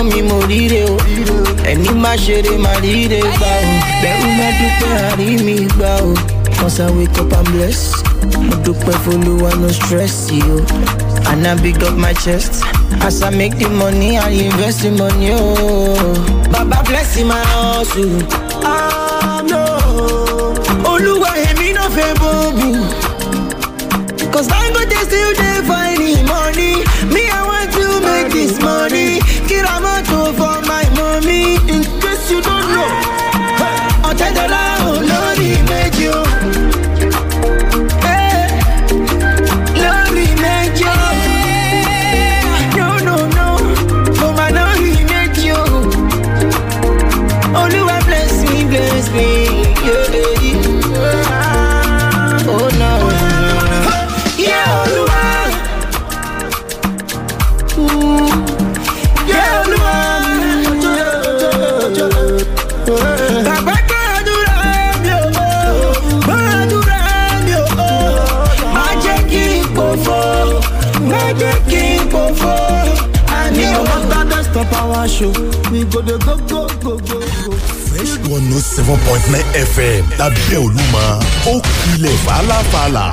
ọmọ mi mo ríre o ẹni má ṣeré má ríre gbà o bẹ́ẹ̀ má dúpẹ́ àrí mi gbà o cause I wake up and bless mo dúpẹ́ folúwa no stress yìí o and I big up my chest as I make the money I invest the money o baba bless my hustle. Ah, no. Olúwa èmi náà fẹ́ bóbú. Cause Dangote still dey find him money. Me I want to make this money. mi go dey go go go go. fresh one note oh seven point nine fm lábẹ́ olúmọ ó kilẹ̀ fàlàfàlà.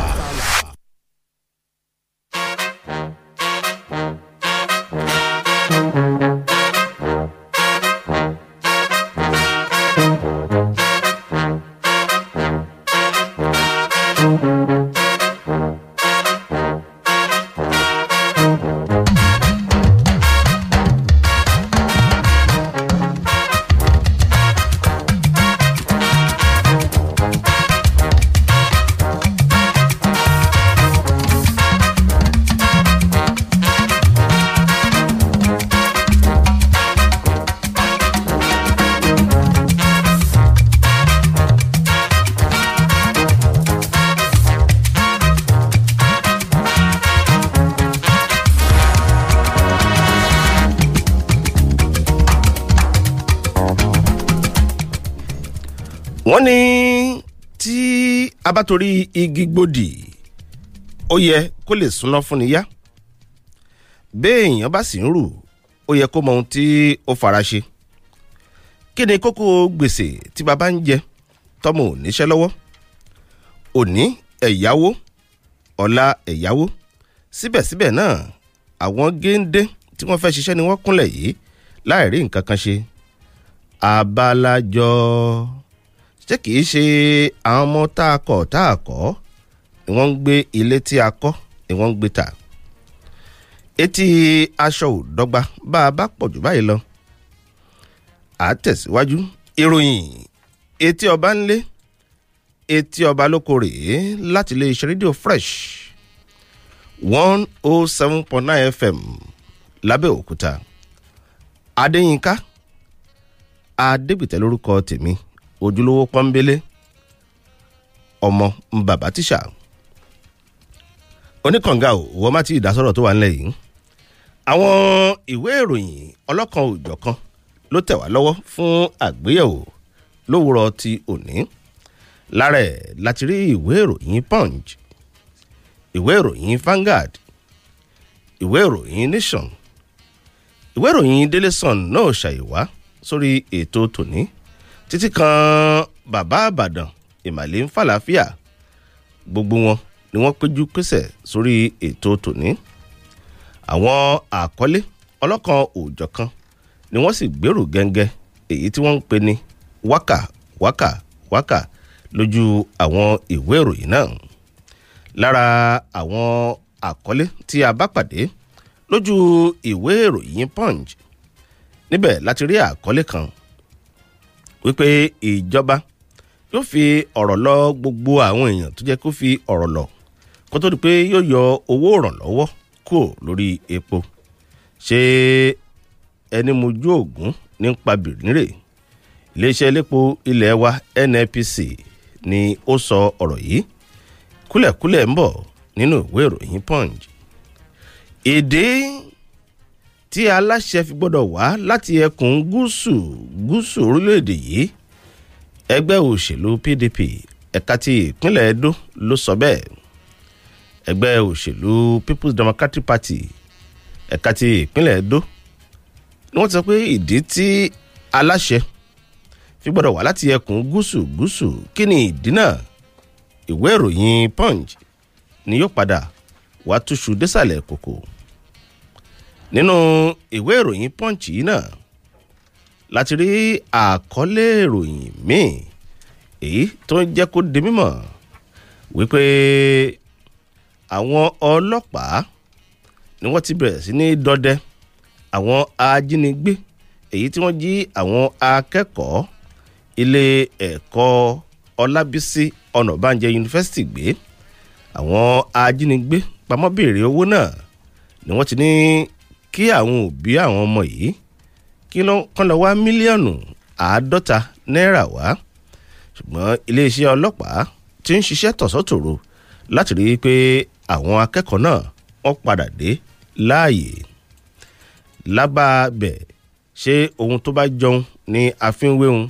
bá torí igi gbòdì ó yẹ kó lè súná fún ni yá béèyàn bá sì ń rù ó yẹ kó mọ ohun tí ó fara ṣe kí ni kókó gbèsè tí baba ń jẹ tọmọ ò níṣẹ́ òní ẹ̀yáwó ọ̀la ẹ̀yáwó síbẹ̀síbẹ̀ náà àwọn géńdé tí wọ́n fẹ́ ṣiṣẹ́ ni wọ́n kúnlẹ̀ yìí láì rí nǹkan kan ṣe abalajọ tí kì í ṣe àwọn ọmọ tá a kọ̀ tá a kọ́ ni wọ́n ń gbé ilé tí a kọ́ ni wọ́n ń gbé ta etí aṣọ ò dọ́gba bá a bá pọ̀ jù báyìí lọ à tẹ̀síwájú ìròyìn etí ọba ńlé etí ọba lóko rèé láti lè ṣe rédíò fresh one oh seven point nine fm lábẹ́òkúta adéyínká adébìtẹ́ lórúkọ tèmi ojúlówó pọ́nbélé ọmọ bàbá tíṣà oníkànga ò wọ́n má ti ìdásọ̀rọ̀ tó wà ńlẹ̀ yìí àwọn ìwé ìròyìn ọlọ́kan òjọ̀kan ló tẹ̀ wá lọ́wọ́ fún àgbéyẹ̀wò lówùrọ̀ ti òní lára ẹ̀ láti rí ìwé ìròyìn punch ìwé ìròyìn Vanguard ìwé ìròyìn Nation ìwé ìròyìn Daily náà ṣàyẹ̀wá sórí ètò tòní títí kan bàbá àbàdàn ìmàlẹ́ ń fàlàáfíà gbogbo wọn ni wọ́n péjú pésẹ̀ sórí ètò tòní àwọn àkọlé ọlọ́kan òòjọ̀kan ni wọ́n sì gbèrò gẹ́ngẹ́ èyí tí wọ́n ń pè ní wákà wákà wákà lójú àwọn ìwé ìròyìn náà lára àwọn àkọlé tí a bá pàdé lójú ìwé ìròyìn punch níbẹ̀ láti rí àkọlé kan wípé ìjọba yóò fi ọ̀rọ̀ lọ gbogbo àwọn èèyàn tó jẹ́ kó fi ọ̀rọ̀ lọ kó tó di pé yóò yọ owó ìrànlọ́wọ́ kò lórí epo ṣé ẹni mojú ògún nípa bìrìnrè iléeṣẹ́ elépo ilẹ̀ wa NNPC ni ó sọ ọ̀rọ̀ yìí kúlẹ̀kúlẹ̀ ń bọ̀ nínú ìwé ìròyìn Punch ìdí. E tí aláṣẹ fi gbọ́dọ̀ wá láti ẹkùn gúúsù gúúsù orílẹ̀-èdè yìí ẹgbẹ́ òṣèlú PDP ẹ̀ka ti ìpínlẹ̀ Edo ló sọ bẹ́ẹ̀ ẹgbẹ́ òṣèlú People's Democratic Party ẹ̀ka ti ìpínlẹ̀ Edo ni wọ́n ti sọ pé ìdí tí aláṣẹ fi gbọ́dọ̀ wá láti ẹkùn gúúsù gúúsù kí ni ìdí náà ìwé ìròyìn Punch ni yóò padà wàá túṣu désàlẹ̀ kòkò nínú ìwé ìròyìn punch yìí náà láti rí àkọlé ìròyìn míì èyí tó ń jẹ́ kó di mímọ̀ wípé àwọn ọlọ́pàá ni wọ́n ti bẹ̀rẹ̀ sí ní dọdẹ àwọn ajínigbé èyí tí wọ́n jí àwọn akẹ́kọ̀ọ́ ilé ẹ̀kọ́ Ọlábísí Ọ̀nàbànjẹ́ yunifásitì gbé àwọn ajínigbé pamọ́ béèrè owó náà ni wọ́n ti ní kí àwọn òbí àwọn ọmọ yìí kí kán lọ wá mílíọ̀nù àádọ́ta náírà wá ṣùgbọ́n iléeṣẹ́ ọlọ́pàá ti ń ṣiṣẹ́ tọ̀sọ́tòro láti rí i pé àwọn akẹ́kọ̀ọ́ náà wọ́n padà dé láàyè lábàbẹ̀ ṣé ohun tó bá jọun ni a fi ń wéhun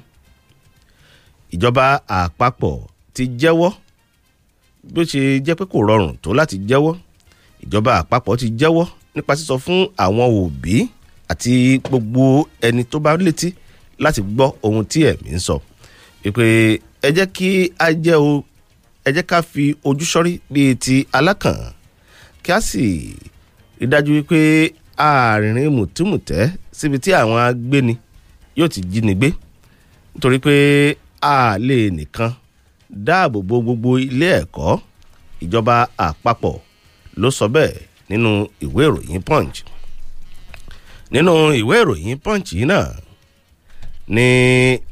ìjọba àpapọ̀ ti jẹ́wọ́ bí ó ṣe jẹ́ pé kò rọrùn tó láti jẹ́wọ́ ìjọba àpapọ̀ ti jẹ́wọ́ nípa sísọ fún àwọn òbí àti gbogbo ẹni tó bá létí láti gbọ́ ohun tí ẹ̀mí ń sọ pé ẹ jẹ́ kí a jẹ́ o ẹ jẹ́ ká fi ojú sọ́rí bíi ti alákàn kí a sì rí dájú wípé àárín mùtúmùtẹ́ síbi tí àwọn agbéni yóò ti jí ni gbé nítorí pé a lè nìkan dáàbò bo gbogbo ilé ẹ̀kọ́ ìjọba àpapọ̀ ló sọ bẹ́ẹ̀ nínú ìwé ìròyìn punch nínú ìwé ìròyìn punch yìí náà ni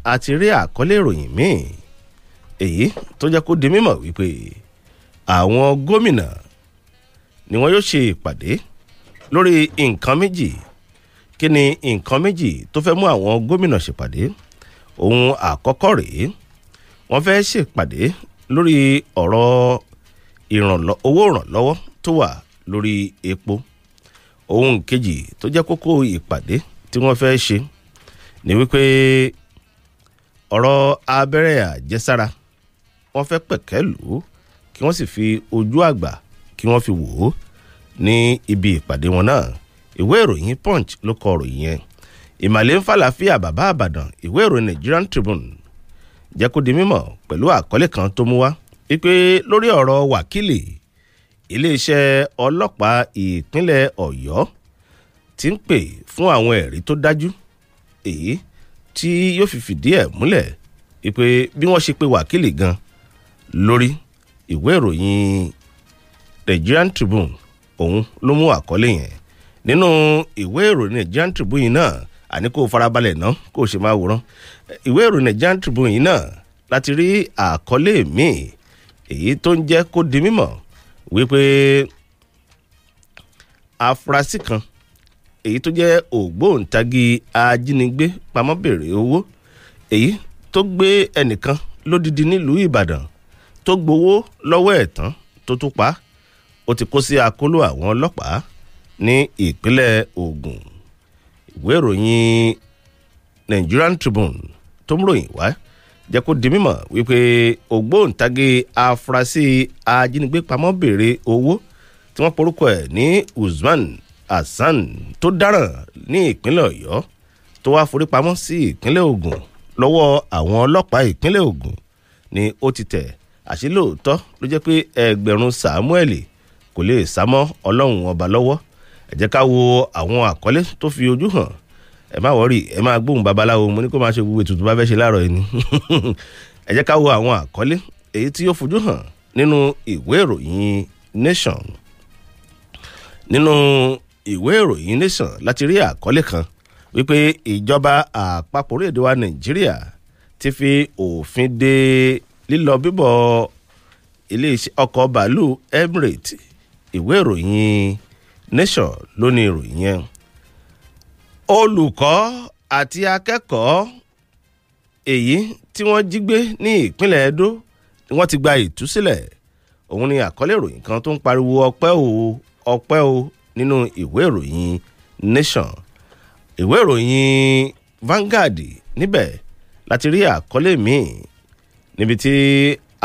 a ti rí àkọlé ìròyìn míì èyí tó jẹ́ kó di mímọ̀ wípé àwọn gómìnà ni wọ́n yóò ṣe ìpàdé lórí nǹkan méjì kí ni nǹkan méjì tó fẹ́ mú àwọn gómìnà ṣèpàdé ohun àkọ́kọ́ rèé wọ́n fẹ́ ṣèpàdé lórí ọ̀rọ̀ owó ìrànlọ́wọ́ tó wà lórí epo ohun kejì tó jẹ́ kókó ìpàdé tí wọ́n fẹ́ ṣe ni wípé ọ̀rọ̀ abẹ́rẹ́ àjẹsára wọ́n fẹ́ pẹ̀kẹ́ lù ú kí wọ́n sì fi ojú àgbà kí wọ́n fi wò ó ní ibi ìpàdé wọn náà ìwé ìròyìn punch ló kọ ìròyìn yẹn ìmàlẹ́ ń fàlàfíà bàbá àbàdàn ìwé ìròyìn Nigerian Tribune jẹ́ kó di mímọ̀ pẹ̀lú àkọlé kan tó mú wá wípé lórí ọ̀rọ̀ wákìlì iléeṣẹ́ ọlọ́pàá ìpínlẹ̀ ọ̀yọ́ ti ń pè fún àwọn ẹ̀rí tó dájú èyí tí yóò fi fìdí ẹ̀ múlẹ̀ ìpè bí wọ́n ṣe pe wákìlì gan lórí ìwé ìròyìn Nigerian Tribune òun ló mú àkọlé yẹn nínú ìwé ìròyìn Nigerian Tribune yìí náà àní kó farabalẹ̀ ná kó ṣe máa wòran ìwé ìròyìn Nigerian Tribune yìí náà láti rí àkọlé míì èyí tó ń jẹ́ kó di mímọ̀ wípé afurasí kan èyí tó jẹ́ ògbóǹtagì ajínigbé pamọ́ béèrè owó èyí tó gbé ẹnìkan lódìdí nílùú Ìbàdàn tó gbowó lọ́wọ́ ẹ̀ tán tó tún pa ó ti kó sí akóló àwọn ọlọ́pàá ní ìpínlẹ̀ Ògùn ìwé ìròyìn Nigerian Tribune tó ń ròyìn wá jẹ́ kó di mímọ̀ wípé ògbóǹtagì afurasí ajínigbé pamọ́ béèrè owó tí wọ́n porúkọ ẹ̀ ní Usman Hasan tó dáràn ní ìpínlẹ̀ Ọ̀yọ́ tó wá forí pamọ́ sí ìpínlẹ̀ Ògùn lọ́wọ́ àwọn ọlọ́pàá ìpínlẹ̀ Ògùn ni ó ti tẹ̀ àṣé lóòótọ́ ló jẹ́ pé ẹgbẹ̀rún Samuel kò lè sá mọ́ Ọlọ́run ọba lọ́wọ́ ẹ ká wo àwọn àkọlé tó fi ojú hàn ẹ má wọ́ọ̀rì ẹ má gbóhùn babaláwo mo ní kó máa ṣe gbogbo ètùtù bá fẹ́ ṣe láàárọ̀ yìí ni ẹ jẹ́ ká wo àwọn àkọlé èyí tí ó fojú hàn nínú ìwé ìròyìn nation nínú ìwé ìròyìn nation láti rí àkọlé kan wípé ìjọba àpapọ̀ orílẹ̀-èdè wa nàìjíríà ti fi òfin de lílọ bíbọ̀ iléeṣẹ́ ọkọ̀ bàálù emirates ìwé ìròyìn nation ló ní ìròyìn yẹn olùkọ́ àti akẹ́kọ̀ọ́ èyí tí wọ́n jí gbé ní ìpínlẹ̀ Edo ni wọ́n ti gba ìtúsílẹ̀ òun ni àkọlé ìròyìn kan tó ń pariwo ọpẹ́ o ọpẹ́ o nínú ìwé ìròyìn Nation ìwé ìròyìn Vanguard níbẹ̀ láti rí àkọlé míì níbi tí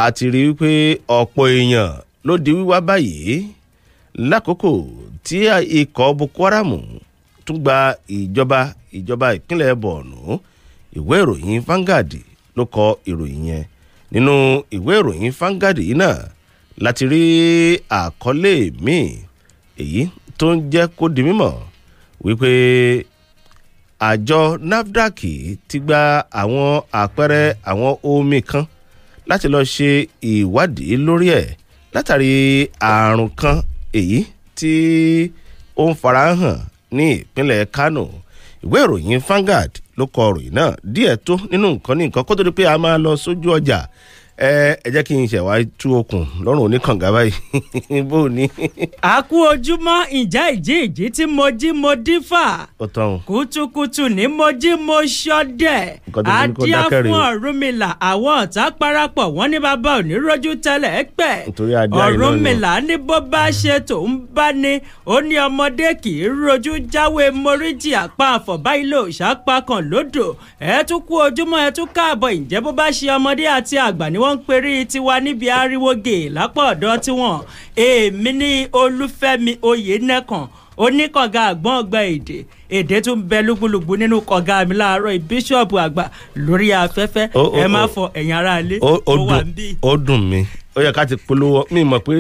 a ti rí wípé ọ̀pọ̀ èèyàn ló di wíwá báyìí lákòókò tí ikọ̀ Boko Haram tún gba ìjọba ìjọba ìpínlẹ̀ Borno ìwé ìròyìn Vanguard ló kọ ìròyìn yẹn nínú ìwé ìròyìn Vanguard yìí náà láti rí àkọlé míì èyí tó ń jẹ́ kó di mímọ̀ wípé àjọ NAFDAC ti gba àwọn àpẹẹrẹ àwọn omi kan láti lọ ṣe ìwádìí lórí ẹ̀ látàrí àrùn kan èyí tí ó ń farahàn ní ìpínlẹ̀ Kano ìwé ìròyìn Vanguard ló kọ ròyìn náà díẹ̀ tó nínú nǹkan ní nǹkan kó tó di pé a máa lọ sójú ọjà ẹ ẹ jẹ́ kí n ṣẹ̀ wá tú okùn lọ́rùn oníkànga báyìí bó o ní. a kú ojúmọ́ ìjà ìjì ìjì tí mo jí mo dífà. ó tán o. kùtùkùtù ni mo jí mo ṣọdẹ. adíá fún ọ̀rúnmìlà àwọn ọ̀tá parapọ̀ wọ́n ní bàbá òní rojú tẹ́lẹ̀ pẹ̀. nítorí adíá iná ni. ọ̀rúnmìlà ní bó bá ṣe tòun bá ní ó ní ọmọdé kì í rojú jáwé moríjì àpá àfọ̀bá ilé òṣà pa kan lódò ẹ tún kú ojúmọ́ wọ́n ń perí tiwa níbi ariwo lápò ọ̀dọ́ tiwọn èmi ní olúfẹ́mi oyènẹ́kàn oníkànga àgbọ̀n ọgbà èdè èdè tún bẹ lúgbúlùgbú nínú kànga mi láàárọ̀ bíṣọ̀bù àgbà lórí afẹ́fẹ́ ẹ má fọ ẹ̀yìn ara ilé ó wà ń bí. ó dùn mí ó yẹ ká ti polówó mi mọ̀ pé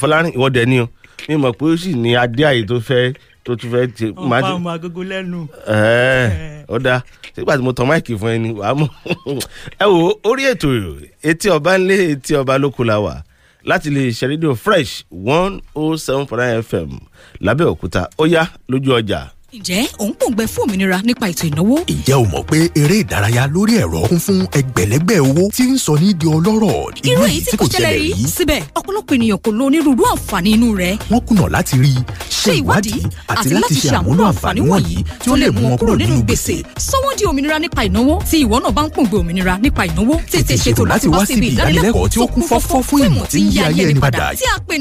fọlárin ìwọ́dẹ ni o mi mọ̀ pé ó sì ní adé àyè tó fẹ́ tó tún fẹ́ ṣe. wọn bá mu agogo lẹ́nu. ó dáa sígbà tí mo tan máìkì fún ẹni wàá mú. ẹ wo orí ètò etí ọba ńlé etí ọba lóko la wà láti lè ṣe rédíò fresh one oh seven point nine fm lábẹ́òkúta ó yá lójú ọjà ǹjẹ́ ò ń pòǹgbẹ fún òmìnira nípa ètò ìnáwó. ǹjẹ́ o mọ̀ pé eré ìdárayá lórí ẹ̀rọ kún fún ẹgbẹ̀lẹ́gbẹ̀ owó tí ń sọ ní di ọlọ́rọ̀ irú èyí tí kò ṣẹlẹ̀ rí síbẹ̀ ọ̀pọ̀lọpọ̀ ènìyàn kò lo onírúurú àǹfààní inú rẹ̀. wọ́n kùnà láti rí ṣe ìwádìí àti láti ṣe àmúlò àǹfààní wọ̀nyí tí ó lè mú wọn kúrò nínú gbèsè. sọ́wọ́n di òmìnira nípa ìnáwó tí ìwọ náà bá ń pòǹgbẹ òmìnira nípa ìnáwó tètè ṣètò láti wá síbi ìdánilẹ́kọ̀ọ́ tí ó kún fọ́fọ́ fún ìmọ̀ tí ń yí ayé ẹni padà tí a pè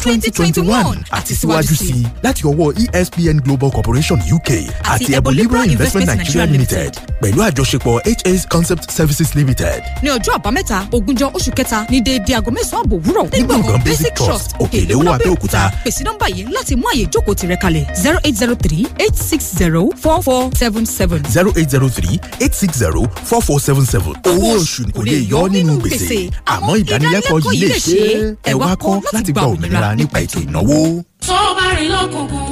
twenty twenty one àti síwájú sí gidi láti ọwọ́ ESPN Global Corporation UK àti Ebolibra Investment Nigeria Limited pẹ̀lú àjọṣepọ̀ HS Concept Services Limited. ní ọjọ́ àbámẹ́ta ogúnjọ́ oṣù kẹta ní déédéé aago mẹ́sàn-án àbò òwúrọ̀ nígbàgbọ́ Basic Trust òkèlèwọ̀ Abẹ́òkúta. pèsè nọ́mbà yìí láti mú àyè ìjókòó tìrẹ kalẹ̀ zero eight zero three eight six zero four four seven seven. zero eight zero three eight six zero four four seven seven. owó oṣù kò lè yọ nínú gbèsè àmọ́ ìdánilẹ́kọ̀ọ́ yìí lè ṣe é ẹ kọ́ láti gba òmìnira nípa ètò ìnáwó tó bá rìn lọ́kùnkùn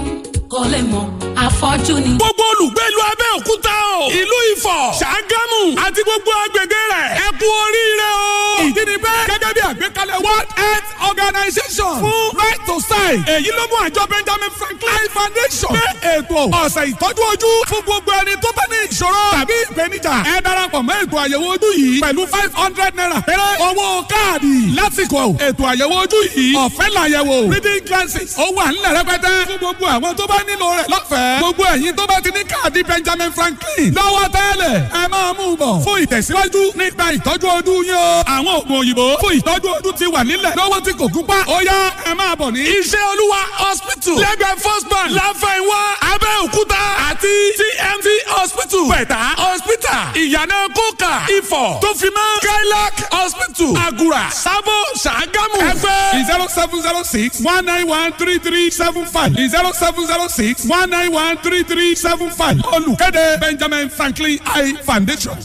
kò lè mọ̀ àfọ́jú ni. gbogbo olùgbé ìlú Abẹ́òkúta o ìlú Ifọ̀ Ṣàgámù àti gbogbo agbègbè rẹ̀ ẹ oríire o. ìdí ni bẹ́ẹ̀ gẹ́gẹ́ bí àgbékalẹ̀ World Health Organization foundation fún right to sign èyí ló mú àjọ Benjamin Franklin foundation gbé ètò ọ̀sẹ̀ ìtọ́jú ojú fún gbogbo ẹni tó bá ní ìṣòro tàbí ìpèníjà ẹ darapọ̀ mọ́ ètò àyẹ̀wò ojú yìí pẹ̀lú five hundred naira péré owó káàdì lásìkò ètò àyẹ̀wò ojú yìí ọ̀fẹ́ làyẹ̀wò reading glasses ó wà nílẹ̀ rẹpẹtẹ fún gbogbo àwọn tó bá nílò rẹ̀ lọ́fẹ̀ẹ́ gbogbo ẹ̀yin tó bá ti ní káàdì Benjamin Franklin lọ́wọ́ tẹ́lẹ̀ ẹ máa mú un bọ̀ fún ìtẹ̀síwájú nípa ìtọ́jú ojú yín o àwọn oògùn òyìnbó fún ìtọ́jú ojú ti wà nílẹ̀ lọ́wọ́ tí kò gúnpá ó y hallelujah ẹ máa bọ̀ ní. iṣẹ́ olúwa hospital lẹ́gbẹ̀ẹ́ first bank láfẹ̀wá abẹ́òkúta àti tmt hospital pẹ̀tà hospital ìyànà kókà ifọ̀ tó fi mọ́ skylark hospital Agura. sábò ṣàgámù ẹgbẹ́ zero seven zero six one nine one three three seven five zero seven zero six one nine one three three seven five olùkéde benjamin franklin Eye foundation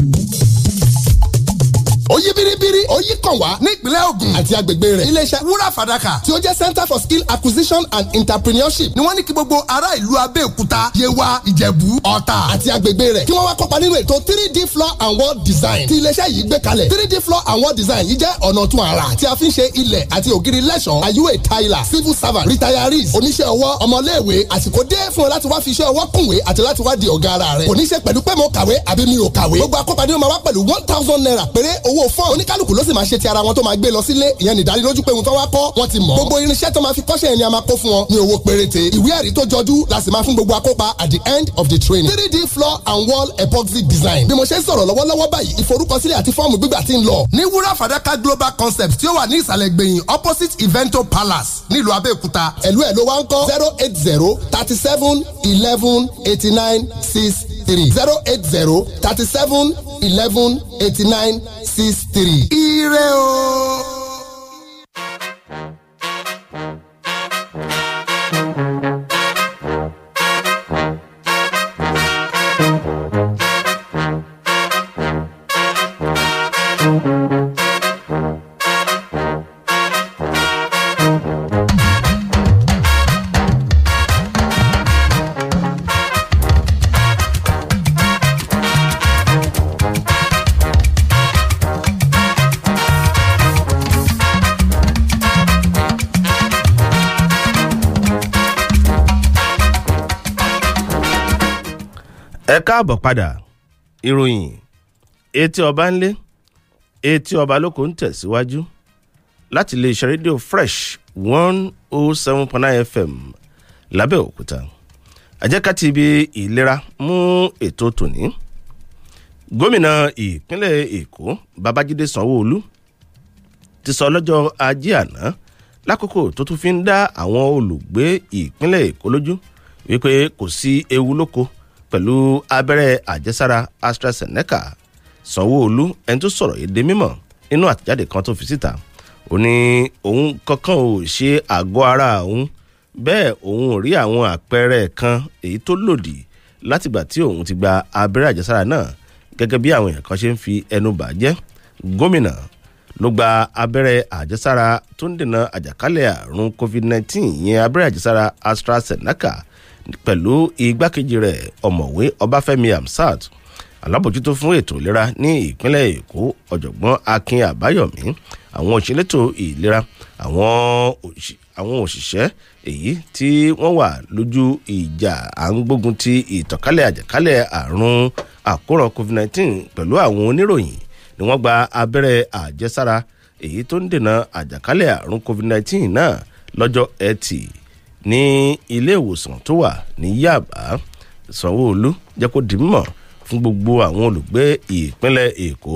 ó yí biribiri ó yí kàn wá nípínlẹ̀ Ògùn àti agbègbè rẹ̀ iléeṣẹ́ wúrà fàdákà tí ó jẹ́ center for skill acquisition and entrepreneurship ni wọ́n ní kí gbogbo ará ìlú Abẹ́òkúta Yewa Ìjẹ̀bú Ọ̀tà àti agbègbè rẹ̀ kí wọ́n wá kópa nínú ètò 3D floor and wall design tí iléeṣẹ́ yìí gbé kalẹ̀ 3D floor and wall design yìí jẹ́ ọ̀nà tún ara tí a fi ń ṣe ilẹ̀ àti ògiri lẹ́ṣọ̀ọ́ ayúwe tayla civil servant retirees oníṣẹ́ ọwọ́ ọmọléèwé àsìkò dé fún ọ láti wá fi iṣẹ́ ọwọ́ kùnwé àti láti wá di ọ̀gá ara rẹ̀ kò mo kàwé àbí mi ò kàwé gbogbo akópa nínú ma one thousand naira péré owó owó fọ́ọ̀n oníkálukú ló sì máa ṣe ti ara wọn tó máa gbé lọ sílé ìyẹn nìdánilójú pé ohun tó wá kọ́ wọ́n ti mọ̀ gbogbo irinṣẹ́ tó máa fi kọ́ṣẹ́ yẹn ni a máa kó fún wọn ní owó péréte ìwé ẹ̀rí tó jọjú la sì máa fún gbogbo akópa at the end of the training three d floor and wall epoxy design bí mo ṣe ń sọ̀rọ̀ lọ́wọ́lọ́wọ́ báyìí ìforúkọsílẹ̀ àti fọ́ọ̀mù gbígbà ti ń lọ ní wúrà fàdákà global concept tí ó wà ní ìsàlẹ̀ gbẹ̀yìn opposite evento palace nílùú abẹ́òkúta ẹ̀lú ẹ̀ ló wá ń kọ́ zero eight zero thirty seven eleven eighty nine six three zero eight zero thirty seven eleven eighty nine six three. ire o. káàbọ̀ padà ìròyìn etí ọba ńlé etí ọba lóko ń tẹ̀síwájú láti iléeṣẹ́ rédíò fresh one oh seven point nine fm lábẹ́òkúta àjẹkàtì ibi ìlera mú ètò tòní gómìnà ìpínlẹ̀ èkó babájídé sanwóolu ti sọ lọ́jọ́ ajé àná lákòókò tó tún fi ń dá àwọn olùgbé ìpínlẹ̀ èkó lójú wípé kò sí ewu lóko. Si pẹ̀lú abẹ́rẹ́ àjẹsára AstraZeneca Sanwó-Olú ẹni tó sọ̀rọ̀ yìí di mímọ̀ nínú àtẹ̀jáde kan tó fi síta ó ní òun kankan ò ṣe àgọ́ ara òun bẹ́ẹ̀ òun ò rí àwọn àpẹẹrẹ kan èyí tó lòdì látìgbà tí òun ti gba abẹ́rẹ́ àjẹsára náà gẹ́gẹ́ bí àwọn èèyàn kan ṣe ń fi ẹnu bà jẹ́ gómìnà ló gba abẹ́rẹ́ àjẹsára tó ń dènà àjàkálẹ̀ àrùn COVID-19 ìyẹn abẹ́rẹ́ àjẹsára AstraZeneca pẹ̀lú igbákejì rẹ̀ ọ̀mọ̀wé ọbáfẹ́mi hamsat alábòjútó fún ètò ìlera ní ìpínlẹ̀ èkó ọ̀jọ̀gbọ́n akin àbáyọ̀mí àwọn òṣèlétò ìlera àwọn òṣìṣẹ́ èyí tí wọ́n wà lójú ìjà à ń gbógun ti ìtànkálẹ̀ àjàkálẹ̀ àrùn àkóràn covid nineteen pẹ̀lú àwọn oníròyìn ni wọ́n gba abẹ́rẹ́ àjẹsára èyí tó ń dènà àjàkálẹ̀ àrùn covid nineteen náà lọ́jọ́ ẹtì ní ilé ìwòsàn tó wà ní Yaba Sanwó-Olú jẹ́ kó di mímọ̀ fún gbogbo àwọn olùgbé ìpínlẹ̀ Èkó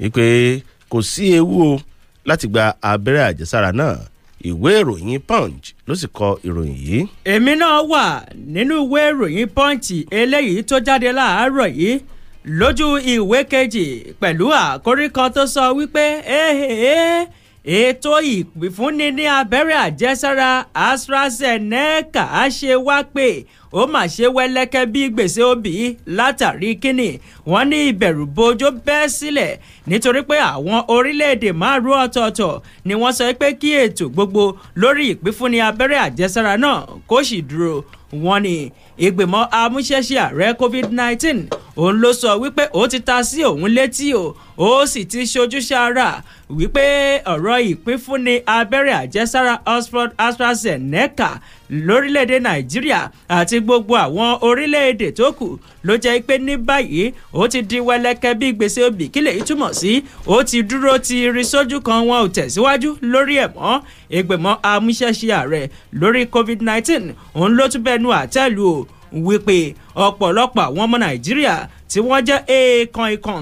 wípé kò sí ewu o láti gba abẹ́rẹ́ àjẹsára náà ìwé ìròyìn punch ló sì kọ ìròyìn yìí. èmi náà wà nínú ìwé ìròyìn punch eléyìí tó jáde láàárọ̀ yìí lójú ìwé kejì pẹ̀lú àkórí kan tó sọ wípé ẹ ẹ ẹ ètò ìpìfúnni ní abẹ́rẹ́ àjẹsára AstraZeneca á ṣe wá pé ó mà ṣe wẹ́lẹ́kẹ́ bí gbèsè òbí látàrí kínní wọ́n ní ìbẹ̀rù bojó bẹ́ sílẹ̀ nítorí pé àwọn orílẹ̀-èdè márùn-ún ọ̀tọ̀ọ̀tọ̀ ni wọ́n sọ pé kí ètò gbogbo lórí ìpínfúnni abẹ́rẹ́ àjẹsára náà kó sì dúró wọ́n ní ìgbìmọ̀ amúṣẹ́ṣe ààrẹ covid-19 òun ló sọ wípé ó ti ta sí òun létí o ó sì ti ṣojúṣe ara wípé ọ̀rọ̀ ìpínfúnni abẹ́rẹ́ àjẹsára oxford astrazeneca lórílẹ̀‐èdè nàìjíríà àti gbogbo àwọn orílẹ̀‐èdè tó kù ló jẹ́ pé ní báyìí ó ti di wẹlẹ́kẹ́ bí gbèsè obì kílẹ̀ yìí túmọ̀ sí ó ti dúró ti rí sójú kan wọn ò tẹ̀síwájú lórí ẹ̀ mọ́ ìgbìmọ̀ amúṣẹ́ṣe ààrẹ lórí covid-19 òun ló tún bẹnu àtẹ́lu o wípé ọ̀pọ̀lọpọ̀ àwọn ọmọ nàìjíríà tí wọ́n jẹ́ èèkàn ikàn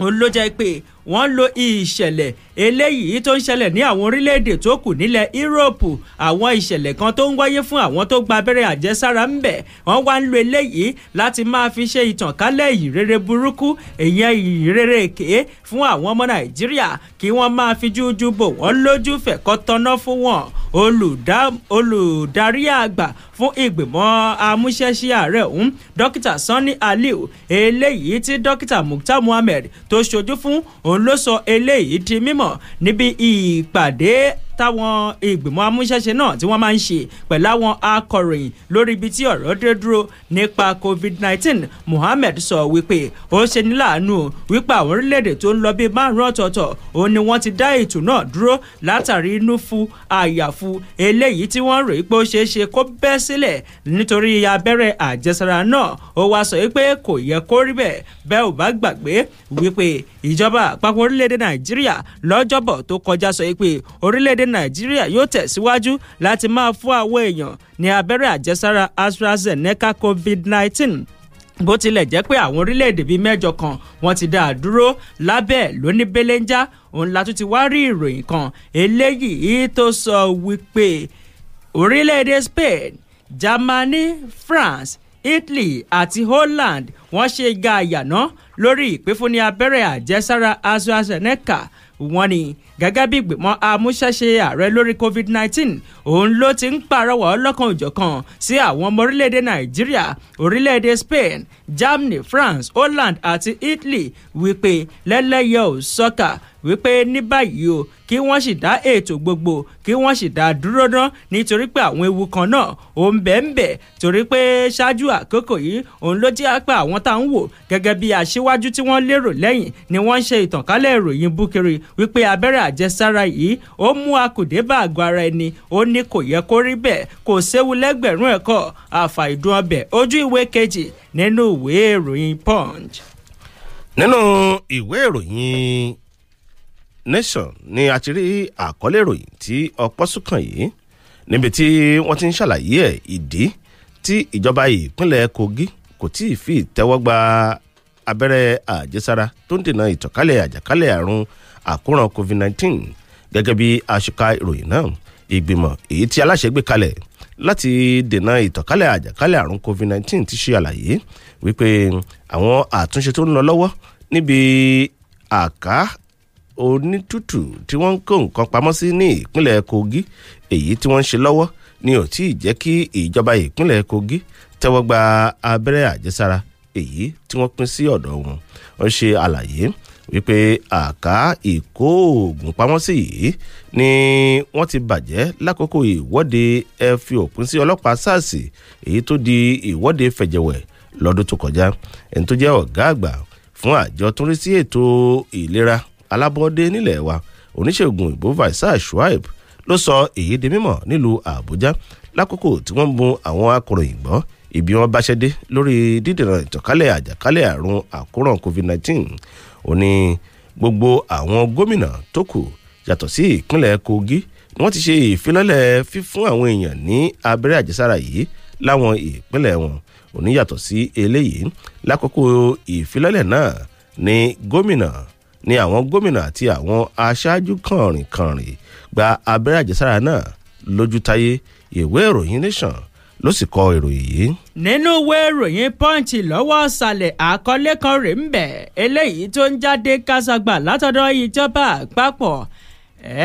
òun ló jẹ́ pé wọ́n lo ìṣẹ̀lẹ̀ eléyìí tó ń ṣẹlẹ̀ ní àwọn orílẹ̀-èdè tó kù nílẹ̀ Europe àwọn ìṣẹ̀lẹ̀ kan tó ń wáyé fún àwọn tó gba abẹ́rẹ́ àjẹsára ń bẹ̀ wọ́n wá ń lo eléyìí láti máa fi ṣe ìtànkálẹ̀ ìrere burúkú èyàn ìrere èké fún àwọn ọmọ Nàìjíríà kí wọ́n máa fi jújú bò wọ́n lójú fẹ̀kọ́ tanná fún wọn olùdarí àgbà fún ìgbìmọ̀ amúṣẹ́ṣe ààrẹ ọ̀hún dókítà Sanni Aliu eléyìí tí dókítà Muktar Muhammed tó ṣojú fún òun òun ló sọ eléyìí di mímọ̀ níbi ìpàdé táwọn ìgbìmọ̀ amúṣẹ́ṣe náà tí wọ́n máa ń ṣe pẹ̀lú àwọn akọ̀ròyìn lórí ibi tí ọ̀rọ̀ dé dúró nípa covid-19 Mohammed sọ wípé ó ṣe ní láàánú wípé àwọn orílẹ̀-èdè tó ń lọ bíi márùn-ún ọ̀tọ̀ọ̀tọ̀ òun ni wọ́n ti dá ètò náà dúró látàrí inú fu àyàfu eléyìí tí wọ́n rò pé ó ṣeé ṣe kó bẹ́ sílẹ̀ nítorí abẹ́rẹ́ àjẹsára náà ó wá sọ pé kò yẹ kó rí bẹ́ẹ̀ bẹ́ẹ̀ ò bá gbàgbé wípé ìjọba àpapọ̀ orílẹ̀-èdè Nàìjíríà lọ́jọ́bọ̀ tó kọjá sọ pé orílẹ̀-èdè nàìjíríà yóò tẹ̀síwájú láti máa fún àwọn èèyàn ní abẹ́rẹ́ àjẹsára astrazeneca covid nineteen bó tilẹ̀ jẹ́ pé àwọn orílẹ̀-èdè bíi mẹ́jọ kan wọ́n ti dá a dúró lábẹ́ lóní belenja òun la tún ti wá rí ìròyìn kan eléyìí tó sọ wípé orílẹ̀-èdè Spain Germany France Italy àti Holland wọ́n ṣe ga àyànná lórí ìpínfúnni abẹ́rẹ́ àjẹsára AstraZeneca wọ́n ní gẹ́gẹ́ bí ìgbìmọ̀ amúṣẹ́ṣe ààrẹ lórí covid-19 òun ló ti ń pàrọwọ́ ọlọ́kan òjọ̀kan sí àwọn ọmọ orílẹ̀-èdè nàìjíríà orílẹ̀-èdè spain germany france holland àti italy wípé lẹ́lẹ́yẹ̀ ò sọ́kà wípé ní báyìí o kí wọ́n sì dá ètò gbogbo kí wọ́n sì dá dúró ná nítorí pé àwọn ewu kan náà ò ń bẹ̀ ń bẹ̀ torí pé ṣáájú àkókò yìí òun ló jẹ́ pé àwọn tá ń wò gẹ́gẹ́ bí aṣíwájú tí wọ́n lérò lẹ́yìn ni wọ́n ń ṣe ìtànkálẹ̀ ìròyìn búkiri wípé abẹ́rẹ́ àjẹsára yìí ó mú akùdé bá àgọ́ ara ẹni ó ní kò yẹ kó rí bẹ́ẹ̀ kò séwu lẹ́gbẹ̀rún ẹ̀kọ́ àfà nation ni a ti rí àkọlé ìròyìn tí ọpọ́ sùkàn yìí níbi tí wọ́n ti ń ṣàlàyé ẹ̀ ìdí tí ìjọba ìpínlẹ̀ Kogi kò tí ì fi ìtẹ́wọ́gba abẹ́rẹ́ àjẹsára tó ń dènà ìtànkálẹ̀ àjàkálẹ̀ àrùn àkóràn COVID-19 gẹ́gẹ́ bí aṣoka ìròyìn náà ìgbìmọ̀ èyí tí aláṣẹ gbé kalẹ̀ láti dènà ìtànkálẹ̀ àjàkálẹ̀ àrùn COVID-19 ti ṣe àlàyé wípé àwọn àtúnṣe tó ń lọ lọ́wọ́ níbi àká onítùtù tí wọ́n ń kó nǹkan pamọ́ sí ní ìpínlẹ̀ Kogi èyí tí wọ́n ń ṣe lọ́wọ́ ni ò tí ì jẹ́ kí ìjọba ìpínlẹ̀ Kogi tẹ́wọ́ gba abẹ́rẹ́ àjẹsára èyí tí wọ́n pín sí ọ̀dọ̀ wọn ó ṣe àlàyé wípé àká ìkó oògùn pamọ́ sí yìí ni wọ́n ti bàjẹ́ lákòókò ìwọ́de ẹ fi òpin sí ọlọ́pàá SARS èyí tó di ìwọ́de fẹ̀jẹ̀wẹ̀ lọ́dún tó kọjá ẹni tó jẹ́ ọ̀gá àgbà fún àjọ tó ń rí sí ètò ìlera alábọ́dé nílẹ̀ wa oníṣègùn òyìnbó Faisal Shuaib ló sọ èyí di mímọ̀ nílùú Àbújá lákòókò tí wọ́n ń bu àwọn akọ̀ròyìn gbọ́ ibi wọn báṣẹ́dé lórí dídènà ìtànkálẹ̀ àjàkálẹ̀ àrùn àkóràn COVID-19 ó ní gbogbo àwọn gómìnà tó kù yàtọ̀ sí ìpínlẹ̀ Kogi ni wọ́n ti ṣe ìfilọ́lẹ̀ fífún àwọn èèyàn ní abẹ́rẹ́ àjẹsára yìí láwọn ìpínlẹ̀ wọn oníyàtọ̀ sí eléyìí lákòókò ìfilọ́lẹ̀ náà ni gómìnà ni àwọn gómìnà àti àwọn aṣáájú kànrìnkànrìn gba abẹ́rẹ́ àjẹsára náà lójútáyé ìwé ìròyìn nation ló sì kọ ìròyìn yìí. nínú ìwé ìròyìn punch lọ́wọ́ ọ̀sàlẹ̀ àkọlé kan rèé ń bẹ̀ eléyìí tó ń jáde kásagbà látọ̀dọ̀ ìjọba àpapọ̀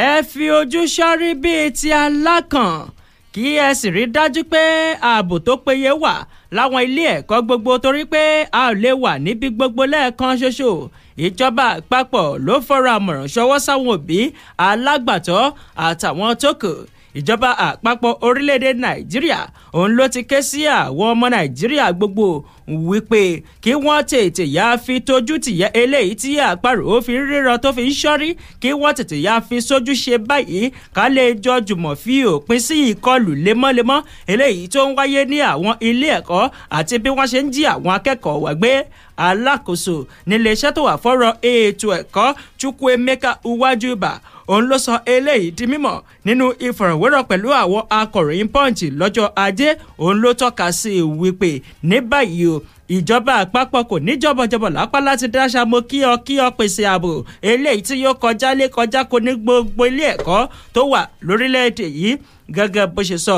ẹ fi ojú sọ́rí bíi ti alákàn kí ẹ sì rí dájú pé ààbò tó péye wà láwọn ilé ẹ̀kọ́ gbogbo torí pé a ò lè wà níbi gbogbo lẹ́ẹ̀kan ṣoṣo ìjọba àpapọ̀ ló fọ́ra àmọ̀ràn ṣọwọ́ sáwọn òbí alágbàtọ́ àtàwọn tó ìjọba àpapọ̀ orílẹ̀-èdè nàìjíríà òun ló ti ké sí àwọn ọmọ nàìjíríà gbogbo wípé kí wọ́n tètè yá fi tójú tìyẹ́ eléyìí tí àparò ó fi ríro tó fi ń ṣọ́rí kí wọ́n tètè yá fi sójú ṣe báyìí ká lè jọ jùmọ̀ fi òpin sí ìkọlù lemọ́lemọ́ eléyìí tó ń wáyé ní àwọn ilé ẹ̀kọ́ àti bí wọ́n ṣe ń jí àwọn akẹ́kọ̀ọ́ wá gbé alákòóso níléeṣẹ́ tó wà fọ́rọ̀ ètò ẹ̀kọ́ Chukwuemeka Uwajuba òun ló sọ eléyìí di mímọ̀ nínú ìfọ̀rọ̀wérọ̀ pẹ̀lú àwọn akọ̀ròyìn punch lọ́jọ́ ajé òun ló tọ́ka sí i wípé ní báyìí o ìjọba àpapọ̀ kò ní jọ̀bọ̀jọ̀bọ̀ lápá láti dáṣà mo kí ọ kí ọ pèsè ààbò eléyìí tí yóò kọjá lé kọjá kò ní gbogbo ilé ẹ̀kọ́ tó wà lórílẹ̀‐èdè yìí gẹ́gẹ́ bó ṣe sọ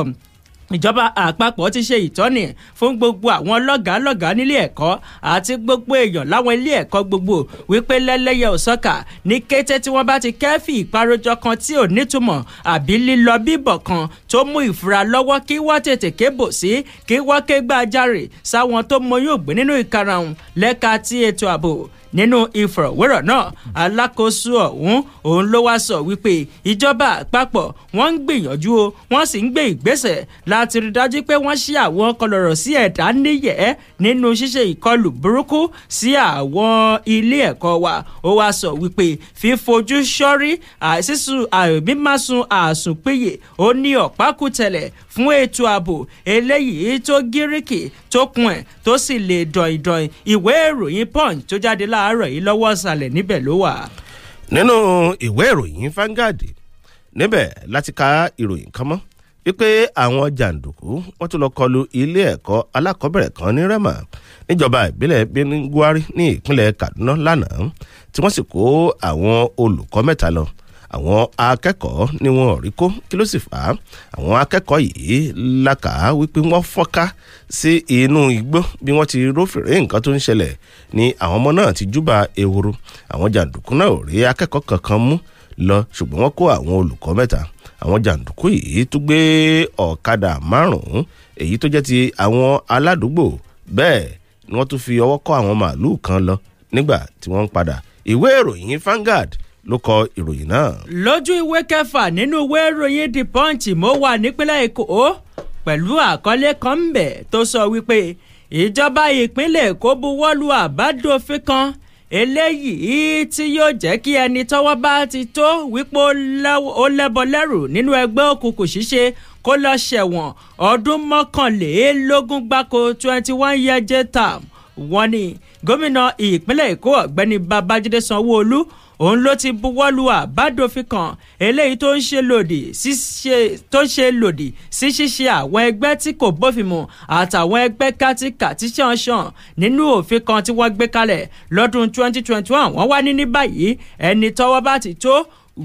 ìjọba àpapọ̀ ti ṣe ìtọ́ni fún gbogbo àwọn lọ́gàálọ́gàá nílé ẹ̀kọ́ àti gbogbo èèyàn láwọn ilé ẹ̀kọ́ gbogbo wípé lẹ́lẹ́yẹ òsọ́kà ní kété tí wọ́n bá ti kẹ́fì ìparojọ kan tí ò nítumọ̀ àbí lílọ bíbọ̀ kan tó mú ìfura lọ́wọ́ kí wọ́n tètè kébò sí kí wọ́n ké gbàjarè sáwọn tó mọyún ògbé nínú ìkarahun lẹ́ka ti ètò ààbò nínú ìfọ̀rọ̀wérọ̀ náà alákòóso ọ̀hún òun ló wá sọ wípé ìjọba àpapọ̀ wọ́n ń gbìyànjú o wọ́n sì ń gbé ìgbésẹ̀ láti rí dájú pé wọ́n ṣí àwọn kọlọ̀rọ̀ sí ẹ̀dá níyẹ̀ nínú ṣíṣe ìkọlù burúkú sí àwọn ilé ẹ̀kọ́ wa ó wá sọ wípé fífojú ṣọ́rí àìsísun àìmímásun àsùnpéye ó ní ọ̀pákùtẹ̀lẹ̀ fún ètò ààbò eléyìí tó gíríkì tó kun ẹ̀ tó sì lè dọ̀ìndọ̀ìn ìwé ìròyìn punch tó jáde láàárọ̀ yìí lọ́wọ́ ọ̀sàlẹ̀ níbẹ̀ ló wà. nínú ìwé ìròyìn Vanguard níbẹ̀ láti ka ìròyìn kan mọ́ wípé àwọn jàǹdùkú wọ́n tún lọ kọlu ilé ẹ̀kọ́ alákọ̀ọ́bẹ̀rẹ̀ kan ní Rẹ́mà níjọba ìbílẹ̀ Benue ní ìpínlẹ̀ Kaduna lánàá tí wọ́n sì kó àwọn olùkọ́ mẹ́ta lọ àwọn akẹ́kọ̀ọ́ ni wọn ò rí kó kí ló sì fà á àwọn akẹ́kọ̀ọ́ yìí làkà wípé wọ́n fọ́nká sí inú igbó bí wọ́n ti rófèrè nǹkan tó ń ṣẹlẹ̀ ni àwọn ọmọ náà ti júbà ehoro àwọn jàǹdùkú náà ò rí akẹ́kọ̀ọ́ kankan mú lọ ṣùgbọ́n wọ́n kó àwọn olùkọ́ mẹ́ta àwọn jàǹdùkú yìí tún gbé ọ̀kadà márùn-ún èyí tó jẹ́ ti àwọn aládùúgbò bẹ́ẹ̀ ni wọ́n tún fi ọwọ́ kọ́ àwọn màálù kan lọ nígbà tí wọ́n ń padà ìwé ìròyìn Vanguard ló kọ ìròyìn náà. lójú ìwé kẹfà nínú ìwé ìròyìn the punch mo wà nípínlẹ̀ èkó pẹ̀lú àkọlé kan ń bẹ̀ tó sọ wípé ìjọba ìpínlẹ̀ èkó buwọ́lu àbádòfin kan eléyìí tí yóò jẹ́ kí ẹni tọ́wọ́ bá ti tó wípé ó lẹ́bọ lẹ́rù nínú ẹgbẹ́ òkùnkùn ṣíṣe kó lọ ṣẹ̀wọ̀n ọdún mọ́kànlélógún gbáko twenty one year jail term wọ́n ní gómìnà ìpínlẹ̀ èkó ọ̀gbẹ́ni babájídé sanwó-olú òun ló ti buwọ́lu àbádòfin kan eléyìí tó ń ṣe lòdì sí ṣíṣe àwọn ẹgbẹ́ tí kò bófin mu àtàwọn ẹgbẹ́ kátíkàtí ṣànṣàn nínú òfin kan tí wọ́n gbé kalẹ̀ lọ́dún 2021 wọ́n wá ní ní báyìí ẹni tọ́wọ́ bá ti tó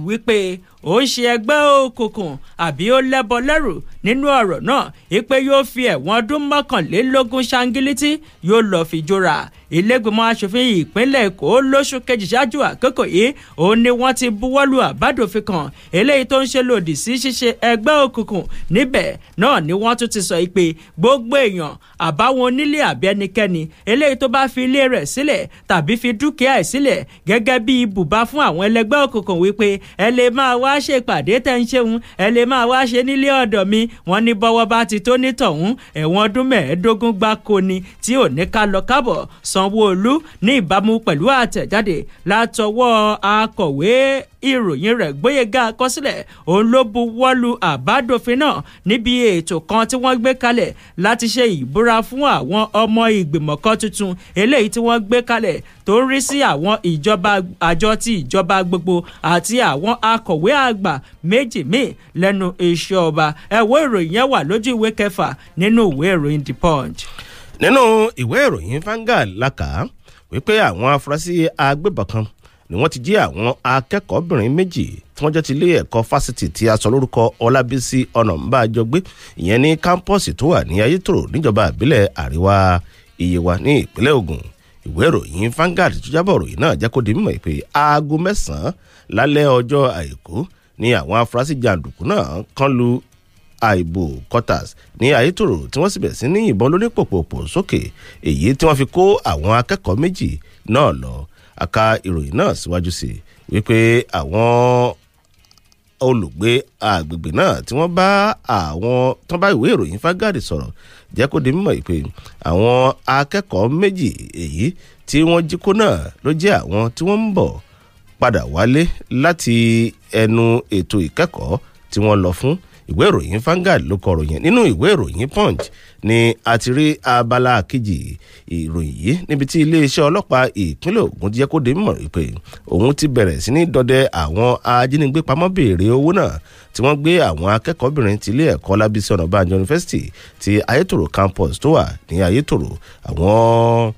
wípé ó ń ṣe ẹgbẹ́ òkùnkùn àbí ó lẹ́bọ lẹ́rù nínú ọ̀rọ̀ náà ipe yóò fi ẹ̀wọ̀n ọdún mọ́kànlélógún ṣangilítì yóò lọ fi jura ilégbèmọ̀ aṣòfin ìpínlẹ̀ èkó lóṣù kejì ṣáájú àkókò yìí ó ní wọ́n ti buwọ́lu àbádòfin kan eléyìí tó ń ṣe lòdì sí ṣíṣe ẹgbẹ́ òkùnkùn níbẹ̀ náà ni wọ́n tún ti sọ pé gbogbo èèyàn àbáwọn onílé àbí ẹnikẹ́ni eléyìí tó bá fi ilé rẹ̀ sílẹ̀ tàbí fi dúkìá ẹ̀ sílẹ̀ gẹ́gẹ́ bí ibùba fún àwọn ẹlẹgbẹ́ òkùnkùn wípé ẹ lè máa wá wá ṣe ìpàdé tẹ̀ ń ṣeun ẹ lè máa wá ṣe nílé ọ̀dọ̀ mi wọ́n ní bọ́wọ́ bá ti tó nítọ̀hún ẹ̀wọ̀n ọdún mẹ́ẹ̀ẹ́dógún gbáko ni tí ò ní ká lọ kábọ̀ Sanwó-Olú ní ìbámu pẹ̀lú àtẹ̀jáde látọwọ́ akọ̀wé ìròyìn rẹ̀ gbóyèga àkọsílẹ̀ òun ló buwọ́lu àbádòfin náà níbi ètò kan tí wọ́n gbé kalẹ̀ láti ṣe ìbúra fún àwọn ọmọ ìgbìmọ̀ kan tuntun eléyìí tí wọ́n gbé kalẹ̀ tó ń rí sí àwọn ìjọba àjọ ti ìjọba gbogbo àti àwọn akọ̀wé àgbà méjì míì lẹ́nu iṣẹ́ ọba ẹ̀wọ́ ìròyìn yẹn wà lójú ìwé kẹfà nínú ìwé ìròyìn the punch. nínú ìwé ìròyìn fanga laka wípé àwọn afurasí agbébọn kan ni wọ́n ti jí àwọn akẹ́kọ̀ọ́bìnrin méjì tí wọ́n jẹ́ ti ilé ẹ̀kọ́ fásitì tí a sọ lórúkọ ọlábísí ọ̀nàmbájọ gbé ìyẹn ní kámpọ́ọ̀sì tó wà ní ayétòrò níjọba ìbílẹ̀ àríwá ìyẹwà ní ìpínlẹ̀ ògùn ìwé ìròyìn Vanguard tó jábọ̀ ròyìn náà jẹ́ kó di mímọ̀ pé aago mẹ́sàn-án lálẹ́ ọjọ́ àìkú ni àwọn afurasí jàǹdùkú náà kan lu àìbò quarters ní ayétòrò tí wọ́n sì bẹ̀rẹ̀ sí ní ìbọn lónípòpòpò sókè èyí tí wọ́n fi kó àwọn akẹ́kọ̀ọ́ méjì náà lọ Aka ìròyìn náà síwájú sí i wípé àwọn olùgbé àgbègbè náà tí wọ́n bá àwọn tán bá ìwé ìròyìn fágàdì sọ̀rọ̀ jẹ́ kó di mímọ̀ pé àwọn akẹ́kọ̀ọ́ méjì èyí tí wọ́n jí kó náà ló jẹ́ àwọn tí wọ́n ń bọ̀ padà wálé láti ẹnu ètò ìkẹ́kọ̀ọ́ tí wọ́n lọ fún ìwé ìròyìn Vanguard ló kọ ròyìn nínú ìwé ìròyìn Punch ni a ti rí abala kejì ìròyìn yìí níbi tí iléeṣẹ́ ọlọ́pàá ìpínlẹ̀ Ògùn jẹ́ kó dé mọ̀ pé òun ti bẹ̀rẹ̀ sí ní dọdẹ àwọn ajínigbé pamọ́ béèrè owó náà tí wọ́n gbé àwọn akẹ́kọ̀ọ́bìnrin ti ilé ẹ̀kọ́ Lábísí Ọ̀nàbànjọ University ti Ayétòrò campus tó wà ní Ayétòrò àwọn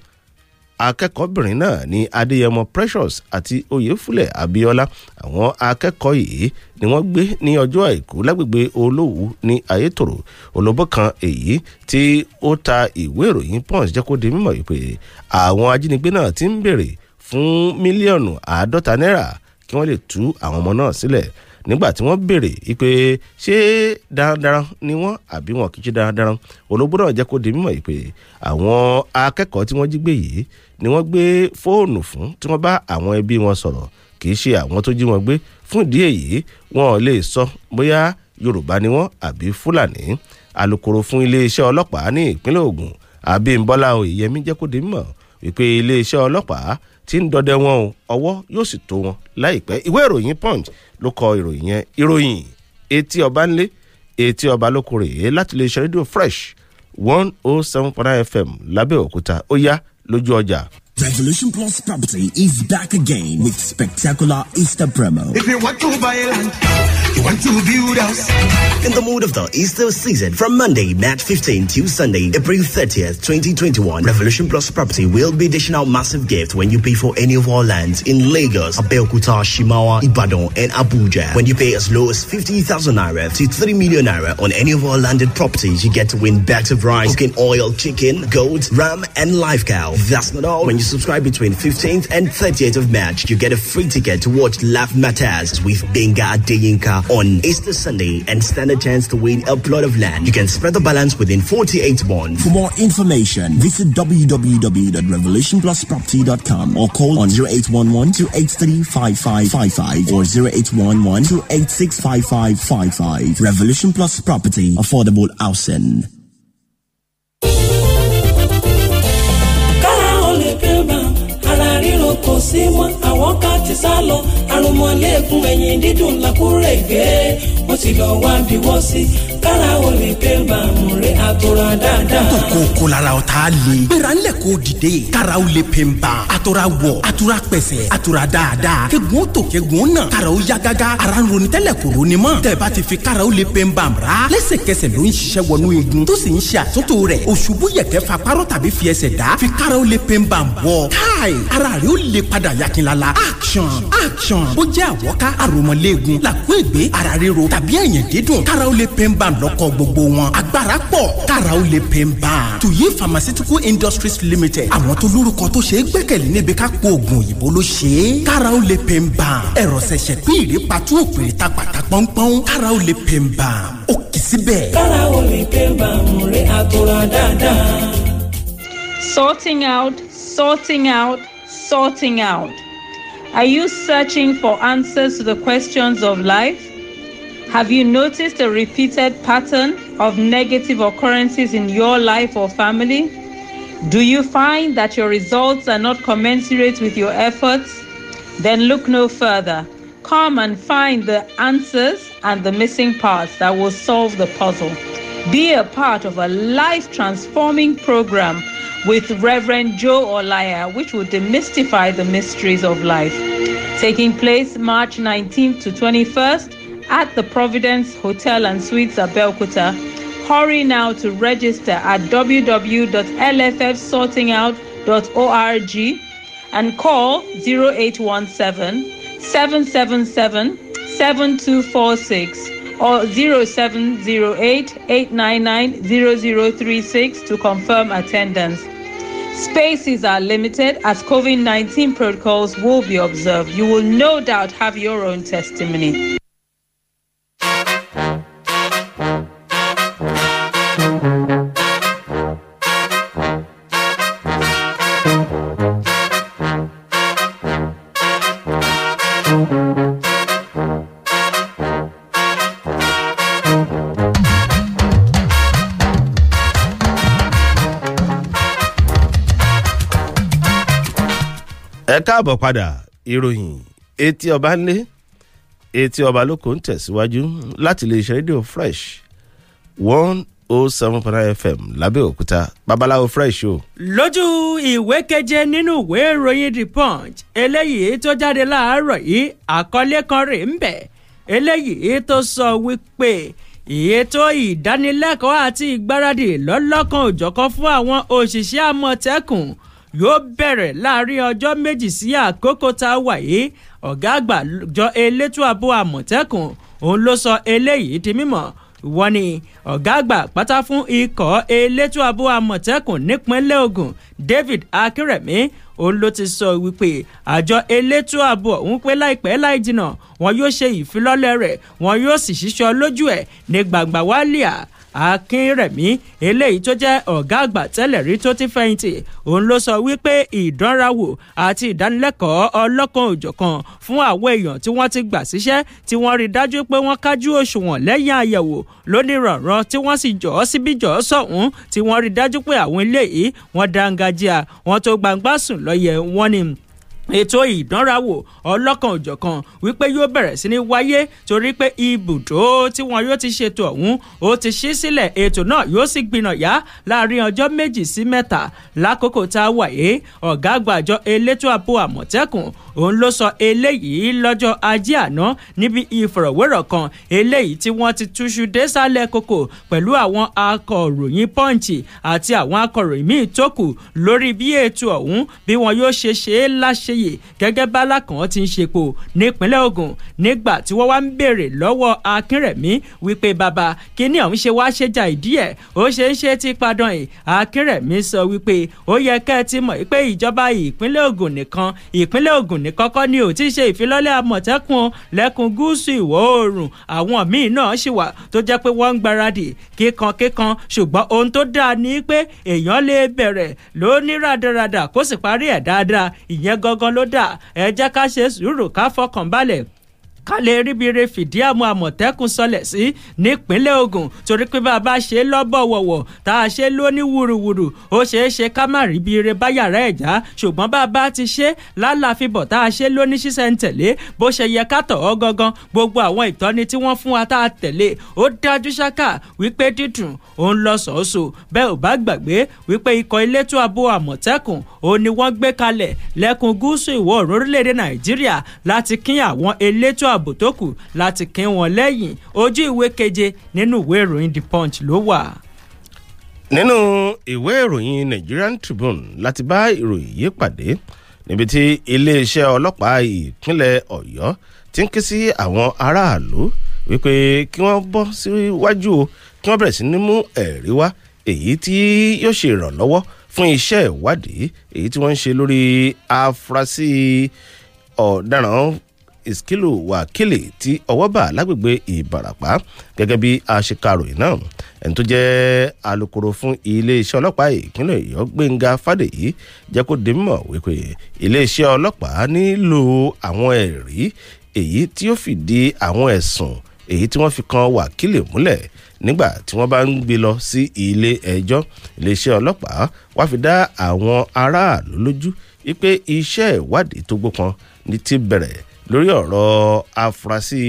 akẹ́kọ̀ọ́bìnrin náà ní adéyẹmọ precious àti oyèfúlẹ̀ abíọ́lá àwọn akẹ́kọ̀ọ́ yìí ni wọ́n gbé ní ọjọ́ àìkú lágbègbè olówú ní ayétòrò olóbó kan èyí tí ó ta ìwé ìròyìn punch jẹ́ kó di mímọ̀ wípé àwọn ajínigbé náà ti ń béèrè fún mílíọ̀nù àádọ́ta náírà kí wọ́n lè tú àwọn ọmọ náà sílẹ̀ nígbà tí wọ́n béèrè pé ṣé darandaran ni wọ́n àbí wọn kì í ṣe darandaran olóbúdọ̀ jẹ́ kó di mímọ̀ pé àwọn akẹ́kọ̀ọ́ tí wọ́n jí gbé yìí ni wọ́n gbé fóònù fún tí wọ́n bá àwọn ẹbí wọn sọ̀rọ̀ kì í ṣe àwọn tó jí wọn gbé fún ìdí èyí wọn ò lè sọ bóyá Yorùbá ni wọ́n àbí Fúlàní alukoro fún iléeṣẹ́ ọlọ́pàá ní ìpínlẹ̀ Ògùn Abímbọ́lá Oyèyẹmí jẹ́ kó di mímọ̀ wípé iléeṣẹ́ ọlọ́pàá tí ń dọdẹ wọn o ọwọ́ yóò sì tó wọn láìpẹ́ ìwé ìròyìn punch ló kọ ìròyìn yẹn ìròyìn etí ọba ńlé etí ọba lóko rèé láti lè ṣe rédíò fresh one oh seven point nine fm lábẹ́òkúta ó yá lójú ọjà Revolution Plus Property is back again with spectacular Easter promo. If you want to buy land, you want to build house. In the mood of the Easter season, from Monday, March 15 to Sunday, April 30th, 2021, Revolution Plus Property will be dishing out massive gift when you pay for any of our lands in Lagos, Abeokuta, Shimawa, Ibadan, and Abuja. When you pay as low as 50,000 naira to 3 million naira on any of our landed properties, you get to win bags of rice, cooking oil, chicken, goat, ram, and live cow. That's not all. When you subscribe between 15th and 30th of March, you get a free ticket to watch Laugh Matters with Benga Deyinka on Easter Sunday and stand a chance to win a plot of land. You can spread the balance within 48 months. For more information, visit www.revolutionplusproperty.com or call on 0811 283 5555 or 0811 286 5555. Revolution Plus Property, affordable housing. sí mọ́ àwọn ká ti sá lọ àrùn mọ́lẹ́kùn ẹ̀yìn dídùn làkúrègbé mo sì lọ wá bí wọ́n sí kára o lè pé bàmù rẹ̀ àtòrà dáadáa. tó kó kó lára o t'a le. gbéra ńlẹ̀ kó dìde. kára o lè pè ń ba. àtòrà wọ̀ àtòrà pẹ̀sẹ̀ àtòrà dáadáa. kegun tó kegun náà. kára ya gágá. ara ń ronú tẹ́lẹ̀ kò ronú mọ́. tẹ̀bá ti fi kára o lè pè ń ba mọ́ra. lẹ́sẹ̀kẹsẹ̀ ló ń ṣiṣẹ́ wọnú igun. tó sì ń ṣe àtúntò rẹ̀. òṣùbù yẹ̀kẹ́ fa párọ̀ tàbí fi ẹsẹ̀ dá. fi kára o lè pè ń ba bọ̀. káì ara rẹ̀ ó lè padà yakinlala. action action. ó jẹ́ àwọ̀ká àròmọ̀lẹ́gun làkúègbé ara ríro tàbí ẹ̀yìn dídùn. kára lè pè ń ba lọ́kọ̀ gbogbo wọn agbára pọ̀ kára ó lè pè ń bá a. tuyi pharmaceutical industries limited àwọn tó lórúkọ tó ṣe é gbẹ́kẹ̀lé níbi ká po oògùn òyìnbó ló ṣe é kára ó lè pè ń bá a. ẹ̀rọ ṣẹ̀ṣẹ̀ pín ìrèpàtú òpèrè ta pàtà pọ́npọ́n kára ó lè pè ń bá a. ó kì í síbẹ̀. kára ó lè pè ń bá a mú dáadáa. sorting out sorting out sorting out. Are you searching for answers to the questions of life? Have you noticed a repeated pattern of negative occurrences in your life or family? Do you find that your results are not commensurate with your efforts? Then look no further. Come and find the answers and the missing parts that will solve the puzzle. Be a part of a life transforming program with Reverend Joe Olaya, which will demystify the mysteries of life. Taking place March 19th to 21st at the Providence Hotel and Suites Abelkuta. Hurry now to register at www.lffsortingout.org and call 0817 777 7246 or 0708 899 0036 to confirm attendance. Spaces are limited as COVID 19 protocols will be observed. You will no doubt have your own testimony. káàbọ̀ padà ìròyìn etí ọba ńlé etí ọba lóko ń tẹ̀síwájú láti lè rédíò fresh one o oh seven point nine fm lábẹ́òkúta babaláwo fresh o. lójú ìwé keje nínú ìwé ìròyìn the punch eléyìí tó jáde láàárọ̀ yìí àkọlé kan rè ń bẹ̀ eléyìí tó sọ wípé ètò ìdánilẹ́kọ̀ọ́ àti ìgbáradì lọ́lọ́kan òjọ̀kan fún àwọn òṣìṣẹ́ àmọ̀tẹ́kùn yóò bẹ̀rẹ̀ láàrin ọjọ́ méjì sí àkókò tá a wà yìí ọ̀gá àgbà jọ elétò ààbò àmọ̀tẹ́kùn òun ló sọ eléyìí di mímọ̀ wọ́n ní ọ̀gá àgbà pátá fún ikọ̀ elétò ààbò àmọ̀tẹ́kùn nípínlẹ̀ Ògùn David Akérèmí òun ló ti sọ wípé àjọ elétò ààbò ọ̀hún pé láìpẹ́ láì jìnnà wọn yóò ṣe ìfilọ́lẹ̀ rẹ̀ wọn yóò sì ṣiṣọ́ lójú ẹ̀ ní gbàgbà wálíà akínrẹ̀mí eléyìí tó jẹ́ ọ̀gá àgbà tẹ́lẹ̀ rí tó ti fẹ̀yìntì òun ló sọ wípé ìdánrawò àti ìdánilẹ́kọ̀ọ́ ọlọ́kan òjọ̀kan fún àwọn èèyàn tí wọ́n ti gbà síṣẹ́ tí wọ́n rí dájú pé wọ́n kájú òṣùwọ̀n lẹ́yìn àyẹ̀wò lónìrànràn tí wọ́n sì jọ̀ ọ́ síbí jọ̀ ọ́ sọ̀hún tí wọ́n rí dájú pé àwọn ilé wọ́n dáńgájíà wọ́n tó gbangba lọ́yẹ̀ wọ́n ni ètò ìdánrawò ọlọ́kan òjọ̀kan wípé yóò bẹ̀rẹ̀ sí ní wáyé torí pé ibùdó tí wọn yóò ti ṣètò ọ̀hún ó ti ṣí sílẹ̀ ètò náà yóò sì gbìnàyà láàrin ọjọ́ méjì sí mẹ́ta lákòókò tá a wà yé ọ̀gá àgbà àjọ elétò ààbò àmọ̀tẹ́kùn òun ló sọ eléyìí lọ́jọ́ ajé àná níbi ìfọ̀rọ̀wérọ̀ kan eléyìí tí wọ́n ti túṣu désàlẹ̀ kòkò pẹ̀lú àwọn akọ̀ròyìn pọ́ǹchì àti àwọn akọ̀ròyìn míì tó kù lórí bí ètò ọ̀hún bí wọn yóò ṣe ṣe é láṣẹ Adéṣeyè gẹ́gẹ́ bá alákàn ti ń ṣepo nípínlẹ̀ Ògùn nígbà tí wọ́n wá ń béèrè lọ́wọ́ Akínrẹ̀mí wípé bàbá kíní ọ̀hún ṣe wá ṣèjà ìdí ẹ̀ ó ṣe ń ṣe ti padàn ẹ̀ Akínrẹ̀mí sọ wípé ó yẹ kẹ́ ẹ ti mọ̀ pé ìjọba ìpínlẹ̀ Ògùn nìkan ìpínlẹ̀ Ògùn nìkan ni ò ti ṣe ìfilọ́lẹ̀ àmọ̀tẹ́kùn lẹ́kùn gúúsù ìwọ̀ oòrùn àwọn míì náà ṣì wà tó jẹ́ pé wọ́n ń gbaradì kíkankíkan ṣùgbọ́n ohun tó dáa ni pé èèyàn lè bẹ̀rẹ̀ ló ní rádaràdà kó sì parí ẹ̀ dáadáa ìyẹn gọ́g gan ló dà ẹ jẹ́ ká ṣe sùúrù ká fọkàn balẹ̀ ká lè rí bi re fìdí àmú àmọ̀tẹ́kùn sọlẹ̀ sí nípínlẹ̀ Ògùn torí pé bàbá ṣe lọ́bọ̀wọ̀wọ̀ tá a ṣe lóní wùrùwùrù ó ṣeé ṣe ká má rí bi re bá yàrá ẹ̀já ṣùgbọ́n bàbá ti ṣe lálàfibọ̀ tá a ṣe lóní ṣísẹ̀ntẹ̀lé bó ṣe yẹ ká tọ̀ ọ́ gangan gbogbo àwọn ìtọ́ni tí wọ́n fún wa tá a tẹ̀lé ó dájú ṣáká wípé dídùn òun lọ sọ̀ọ́sọ bẹ́ẹ̀ ò bá gbàgbé wípé ikọ̀ elétò ààbò àmọ̀tẹ́kùn òun ni wọ́n gbé kalẹ̀ lẹ́kùn gúúsù ìwọ̀ oòrùn orílẹ̀-èdè Nàìjíríà láti kín àwọn elétò ààbò tó kù láti kín wọn lẹ́yìn ojú ìwé keje nínú ìwé ìròyìn The Punch ló wà. nínú ìwé ìròyìn Nigerian Tribune láti bá ìròyìn yìí pàdé níbi tí iléeṣẹ́ ọlọ́pàá ìpínlẹ̀ Ọ̀yọ́ ti ń ké sí àwọn aráàlú wípé kí wọ́n bọ́ síwájú o kí wọ́n bẹ̀rẹ̀ sí ní mú ẹ̀rí wá èyí tí yóò ṣe ìrànlọ́wọ́ fún iṣẹ́ ìwádìí èyí tí wọ́n ń ṣe lórí afurasí ọ̀daràn Iskilu Wakili tí ọwọ́ bà lágbègbè Ìbàràpá gẹ́gẹ́ bí aṣekaròyìn náà ẹni tó jẹ́ alukoro fún iléeṣẹ́ ọlọ́pàá ìpínlẹ̀ Ọ̀yọ́ Gbẹ́ngà Fádèyí jẹ́ kó di mímọ̀ wípé iléeṣẹ́ ọlọ́pàá nílò àwọn ẹ̀rí èyí tí ó fìdí àwọn ẹ̀sùn èyí tí wọ́n fi kan Wákìlì múlẹ̀ nígbà tí wọ́n bá ń gbé lọ sí ilé ẹjọ́ iléeṣẹ́ ọlọ́pàá wá fi dá àwọn aráàlú lójú wípé iṣẹ́ ìwádìí tó gbópọn ní ti bẹ̀rẹ̀ lórí ọ̀rọ̀ afurasí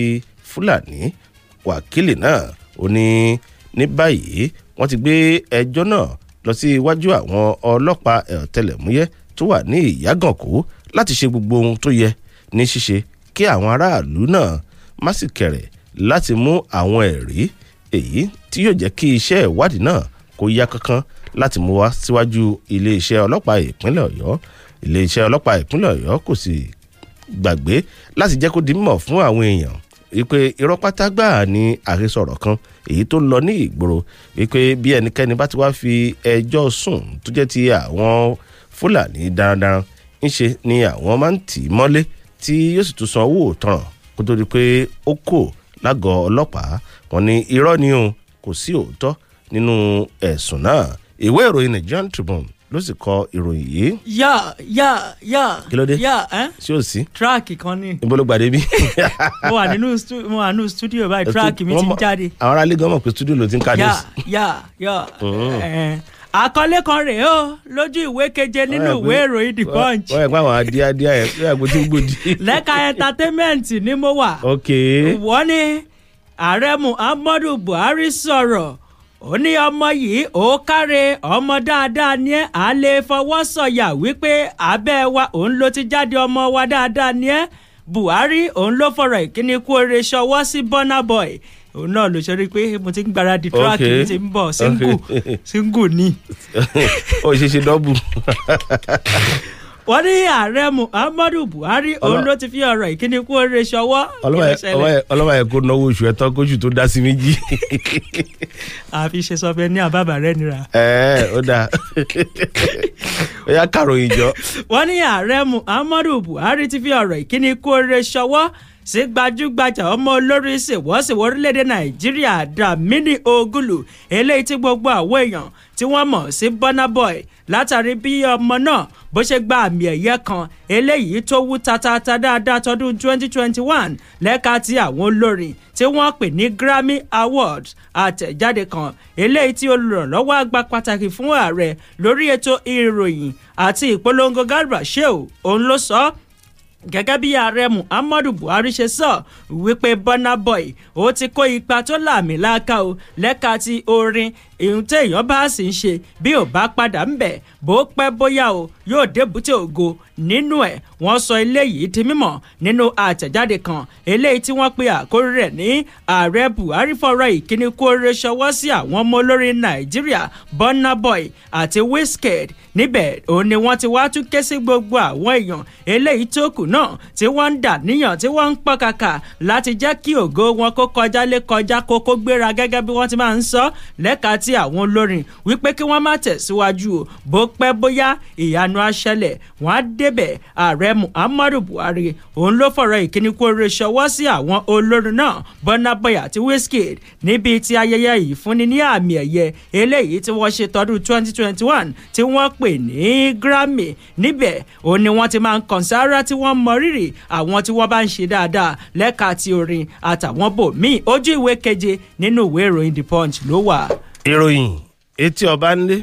fúlàní wákìlì náà ó ní ní báyìí wọ́n ti gbé ẹjọ́ náà lọ sí iwájú àwọn ọlọ́pàá ọ̀tẹlẹ̀múyẹ́ tó wà ní ìyágànkó láti ṣe gbogbo ohun tó yẹ ní ṣíṣe kí àwọn aráàlú náà má sì kẹ̀rẹ̀ láti mú àwọn ẹ̀rí èyí tí yóò jẹ́ kí iṣẹ́ ìwádìí náà kó yá kankan láti mú wá síwájú iléeṣẹ́ ọlọ́pàá ìpínlẹ̀ ọ̀yọ́ iléeṣẹ́ ọlọ́pàá ìpínlẹ̀ ọ̀yọ́ kò sì gbàgbé láti jẹ́ kó di mímọ̀ fún àwọn èèyàn wípé irọ́ pátá gbáà ni àhesọ̀rọ̀ kan èyí tó lọ ní ìgboro wípé bí ẹnikẹ́ni bá ti wá fi ẹjọ́ sùn tó jẹ́ ti àwọn fúlàní darandaran ńṣe ni àwọn máa ń tì í mọ́lé tí yóò sì tún san owó òtanràn kó tó di pé ó kò lágọ̀ọ́ ọlọ́pàá wọn ni irọ́ ni o kò sí òótọ́ nínú ẹ̀sùn náà ìwé ìròyìn Nigerian Tribune ló sì kọ ìròyìn yìí. yà yà yà. kí ló dé yà ẹ. sí o sí. tíráàkì kan ni. n bolo gbàdé bí. mo wà nínú mo wà nínú studio báyìí tíráàkì mi ti ń jáde. àwọn aráàlú gan mọ̀ pé studio ló ti ń ka news. yà yà yà àkọlé kan rèé o lójú ìwé keje nínú ìwé ìròyìn the punch. wọ́n yẹ pé àwọn adíadíá ẹ̀ ṣé àgbo tí ń gbòdì. lẹ́ka entertainment ni mo wà. ok. wọ́n ní ààrẹ muhammadu buhari sọ̀rọ̀ ó ní ọmọ yìí ó káre ọmọ dáadáa ni ẹ́ á lè fọwọ́ sọ̀yà wípé abẹ́ wa òun ló ti jáde ọmọ wa dáadáa ni ẹ́ Buhari òun ló fọ̀rọ̀ ìkíni kú oore ṣọwọ́ sí Burna Boy òun náà ló ṣe pé mo ti ń gbaradì tíráàkì mi ti ń bọ̀ single single ni. ó ṣe ṣe dọ́bù. wọ́n ní ààrẹ muhammadu buhari òun ló ti fi ọ̀rọ̀ ìkíni kú oore ṣọwọ́ ọlọ́wà ẹ̀ kó náwó oṣù ẹ̀tọ́ kóṣù tó dá sí méjì. àfi ṣe sọ pé ní àbábà rẹ nira. ẹ ẹ ó dáa ó yá kàròyìn jọ. wọ́n ní ààrẹ muhammadu buhari ti fi ọ̀rọ̀ ìkíni kú oore ṣọwọ́ sí gbajúgbajà ọmọ olórí ìsèwọ́sìwọ́ orílẹ̀-èdè nàìjíríà dàmínì ogulu eléyìí tí gbogbo àwọn èèyàn tí wọ́n mọ̀ sí burna boy látàrí bí ọmọ náà bó ṣe gba àmì ẹ̀yẹ kan eléyìí tó wú tatata dáadáa tọdún 2021 lẹ́ka ti àwọn olórin tí wọ́n pè ní Grammy Awards àtẹ̀jáde kan eléyìí tí olùrànlọ́wọ́ àgbà pàtàkì fún ààrẹ lórí ètò ìròyìn àti ìpolongo Garba Shehu òun ló sọ ọ́ gẹ́gẹ́ bí ààrẹ muhammadu buhari ṣe sọ wípé burna boy ó ti kó ipa tó làmìlaka o lẹ́ka ti orin ìhun téèyàn bá sì ń ṣe bí ò bá padà ń bẹ̀ bó pẹ́ bóyá o yóò débùté ògo nínú ẹ̀ wọ́n sọ eléyìí di mímọ̀ nínú àtẹ̀jáde kan eléyìí tí wọ́n pe àkórí rẹ̀ ní ààrẹ buhari fọ̀rọ̀ ìkíni kú oore ṣọwọ́ sí àwọn ọmọ olórin nàìjíríà burna boy àti wizkid níbẹ̀ òun ni wọ́n ti wá tún ké sí gbogbo àwọn èèyàn eléyìí tó kù náà tí wọ́n ń dà níyàn tí wọ́n ń pọ̀ kàkà láti jẹ́ kí ògo wọn kó kọjá lé kọjá kó kó gbéra gẹ́gẹ́ bí wọ́n ti máa ń sọ lẹ́ka tí àwọn olórin wípé kí wọ́n má tẹ̀síwájú bó pẹ́ bóyá ìyanu ìyanu aṣẹlẹ̀ wọ́n á débẹ̀ ààrẹ muhammadu buhari òun ló fọ̀rọ̀ ìkíni kóore ṣọwọ́ sí àwọn olórin náà burna boy àti wizkid níbi ti ayẹyẹ ìfúnni ní àmì ẹ̀yẹ eléyìí tí wọ́n ṣe tọdún 2021 tí wọ́n pè ní grammy níbẹ̀ òun ni wọ́n ti máa ń kàn sáárá tí wọ́n mọ rírì àwọn tí wọ́n bá ń ṣe dáadáa lẹ́ka ti orin àtàwọn bòmíì ojú ìwé keje nínú ìwé ìròyìn the punch ló wà. ìròyìn etí ọba ń lé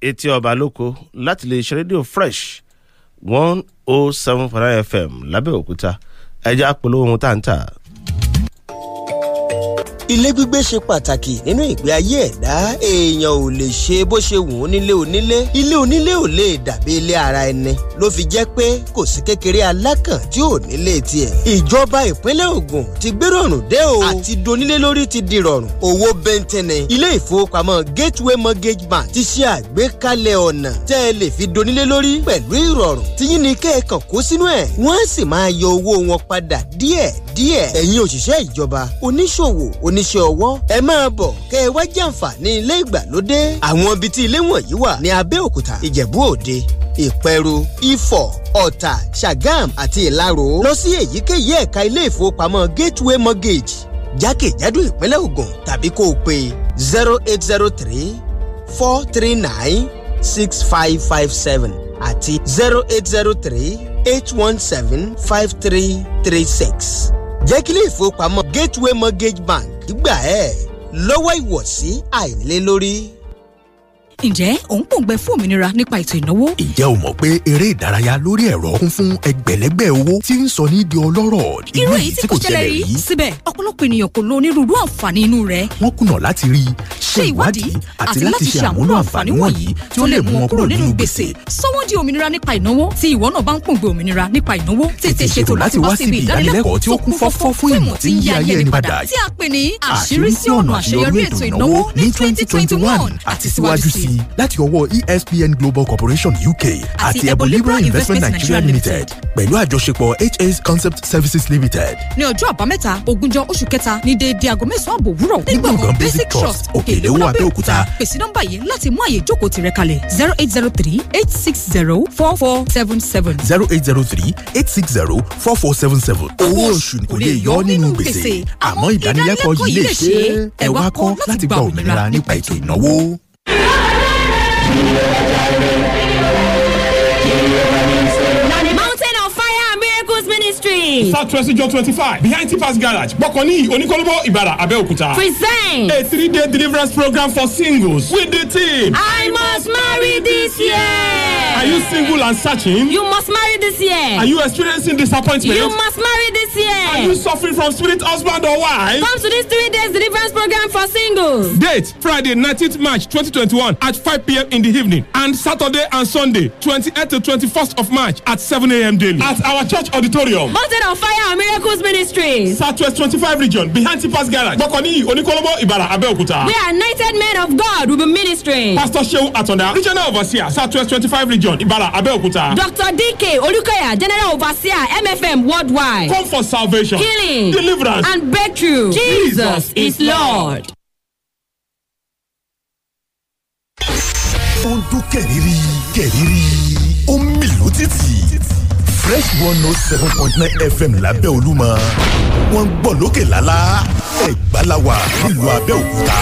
etí ọba lóko láti lè ṣe rédíò fresh one oh seven five fm lábẹ́òkúta ẹja polówó ohun tá ń tà ilé gbígbé ṣe pàtàkì nínú ìgbé ayé ẹ̀dá èèyàn ò lè ṣe bó ṣe wù ú nílé onílé ilé onílé ò lè dàbí ilé ara ẹni ló fi jẹ́ pé kò sí kékeré alákàn tí ò nílé tiẹ̀ ìjọba ìpínlẹ̀ Ògùn ti gbéròrùn dé o àti donílé lórí ti di rọrùn owó bẹ́ntẹ́nì ilé ìfowópamọ́ Gateway Mortgage Bank ti ṣe àgbékalẹ̀ ọ̀nà tẹ́ ẹ lè fi donílé lórí pẹ̀lú ìrọ̀rùn tí yín ni kẹ́ẹ̀kan kó sínú ẹ̀ wọ́n sì máa yọ owó wọn padà díẹ̀ díẹ̀ ẹ̀yin òṣìṣẹ́ ìjọba oníṣòwò oní oníṣẹ́ ọwọ́ ẹ máa bọ̀ kẹ́ ẹ wá jàǹfààní ilé ìgbàlódé àwọn ibi tí ilé wọ̀nyí wà ní Abẹ́òkúta Ìjẹ̀bú Òde Ìpẹ̀rù Ifọ̀ Ọ̀tà Ṣàgám àti Ìlaró lọ sí èyíkéyìí ẹ̀ka ilé ìfowópamọ́ Gateway Mortgage jákèjádò ìpínlẹ̀ Ògùn tàbí kó o pe zero eight zero three four three nine six five five seven àti zero eight zero three eight one seven five three three six. jẹ́ kí ilé ìfowópamọ́ Gateway Mortgage Bank ìgbàkígbà ẹ̀ lọ́wọ́ ìwọ̀sí àìnílélórí ǹjẹ́ òun pòǹgbẹ fún òmìnira nípa ètò ìnáwó. ǹjẹ́ o mọ̀ pé eré ìdárayá lórí ẹ̀rọ kún fún ẹgbẹ̀lẹ́gbẹ̀ owó tí ń sọ ní di ọlọ́rọ̀ irú èyí tí kò ṣẹlẹ̀ rí. síbẹ̀ ọ̀pọ̀lọpọ̀ ènìyàn kò lo onírúurú àǹfààní inú rẹ̀. wọ́n kùnà láti rí i ṣe ìwádìí àti láti ṣe àmúlò àǹfààní wọ̀nyí tí ó lè mú wọn kúrò nínú gbèsè. sanwó di òmìnira nípa ìnáwó tí ìwọ náà bá ń pòǹgbẹ òmìnira nípa ìnáwó tètè ṣètò láti wá síbi ìdánilẹ́kọ̀ọ́ tí ó kún fọ́fọ́ fún ìmọ̀ tí ń yí sí láti ọwọ́ ESPN Global Corporation UK àti Ebolibra Investment Nigeria Limited pẹ̀lú àjọṣepọ̀ HS Concept Services Limited. ní ọjọ́ àbámẹ́ta ogúnjọ́ oṣù kẹta ní déédéé aago mẹ́sàn-án àbò òwúrọ̀ nígbà ògùn Basic Trust òkè ìléwọ́ Abẹ́òkúta. pèsè nọ́mbà yìí láti mú àyè ìjókòó tìrẹ kalẹ̀ zero eight zero three eight six zero four four seven seven. zero eight zero three eight six zero four four seven seven. owó oṣù kò lè yọ nínú gbèsè àmọ́ ìdánilẹ́kọ̀ọ́ yìí lè ṣe é ẹ wá kọ́ láti gba òmìnira nípa ètò ìnáwó. South Trusty Job 25 behind Tipas Garage, Bokoni, Onikolobo, Ibara, Abeokuta. Present a three-day deliverance program for singles with the team. I must marry single and searching? You must marry this year. Are you experiencing disappointment? You must marry this year. Are you suffering from spirit husband or wife? Come to this three days deliverance program for singles. Date Friday 19th March 2021 at 5 p.m. in the evening and Saturday and Sunday 28th to 21st of March at 7 a.m. daily at our church auditorium. Mountain of Fire and Miracles Ministry. Southwest 25 region behind Tipas Garage. Bokoni, Onikolobo, Ibara, Abeokuta. We are anointed men of God will be ministering. Pastor Shehu Atonda, regional overseer, Southwest 25 region, Ibara. kwara abẹ́òkúta. dr dk Olukoya, general overseer mfm worldwide. come for salvation healing deliverance and breakthrough. jesus, jesus is lord. ó ń dún kẹ̀rìírí kẹ̀rìírí ó ń mì lótìtì fresh one note oh seven point nine fm lábẹ́ olúmọ wọ́n ń gbọ́ lókè lálá ẹ̀gbá la wà nílùú abẹ́òkúta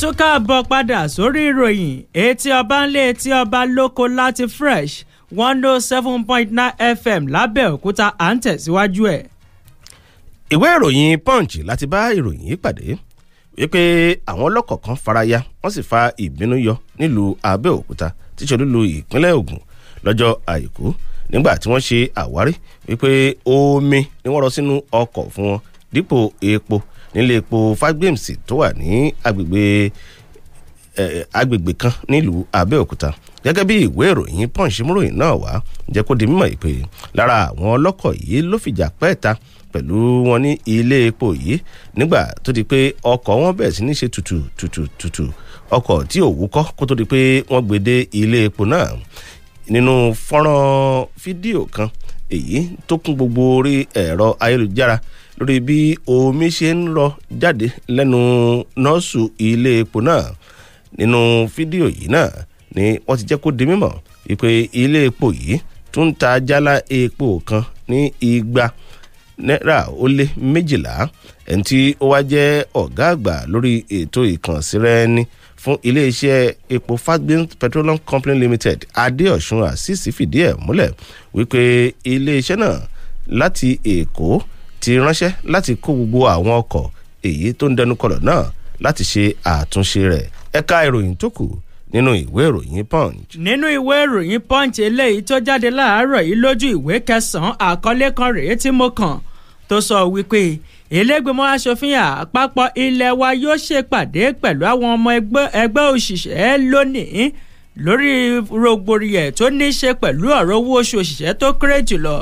tún káàbọ̀ padà sórí ìròyìn etí ọba ńlé etí ọba lóko láti fresh one oh seven point nine fm lábẹ́òkúta à ń tẹ̀síwájú ẹ̀. ìwé ìròyìn punch láti bá ìròyìn yìí pàdé wípé àwọn ọlọ́kọ̀ kan faraya wọ́n sì fa ìbínú yọ nílùú abẹ́òkúta tíṣe olúlu ìpínlẹ̀ ògùn lọ́jọ́ àìkú nígbà tí wọ́n ṣe àwárí wípé omi ni wọ́n rọ sínú ọkọ̀ fún wọn dípò epo nílé epo Fagbems tó wà ní agbègbè agbègbè kan nílùú Abẹ́òkúta gẹ́gẹ́ bí ìwé ìròyìn Punch múròyìn náà wá jẹ́ kó di mímọ̀ pé lára àwọn ọlọ́kọ̀ yìí ló fìjà pẹ́ẹ́ta pẹ̀lú wọn ní ilé epo yìí nígbà tó di pé ọkọ̀ wọn bẹ̀rẹ̀ sí ní ṣe tutù tutù tutù ọkọ̀ tí ò wúkọ́ kó tó di pé wọ́n gbé ilé epo náà nínú fọ́nrán fídíò kan èyí tó kún gbogbo orí ẹ̀rọ ayélujára lórí bí omi ṣe ń lọ jáde lẹ́nu nọ́ọ̀sù ilé epo náà nínú fídíò yìí náà ni wọ́n ti jẹ́ kó di mímọ̀ ìpè ilé epo yìí tún ń ta jálá epo kan ní igba náírà ó lé méjìlá ẹni tí ó wá jẹ́ ọ̀gá àgbà lórí ètò ìkànsíraẹni fún iléeṣẹ́ epo fagbin petroleum company limited adéọ̀sùn asisi fìdí ẹ̀ múlẹ̀ wípé iléeṣẹ́ náà láti èkó e ti ránṣẹ́ láti kó gbogbo àwọn ọkọ̀ èyí tó ń dẹnukọlọ̀ náà láti ṣe àtúnṣe rẹ̀ ẹ̀ka ìròyìn tó kù nínú ìwé ìròyìn punch. nínú ìwé ìròyìn punch eléyìí tó jáde láàárọ̀ yìí lójú ìwé kẹsàn-án àkọlé kan rèé tí mo kàn tó sọ wípé ilégbèmọ asòfin àpapọ̀ ilé wa yóò ṣèpàdé pẹ̀lú àwọn ọmọ ẹgbẹ́ òṣìṣẹ́ lónìí lórí rògbòrìyẹ tó ní í ṣe pẹ̀lú ọ̀rọ̀ owó oṣù òṣìṣẹ́ tó kéré jùlọ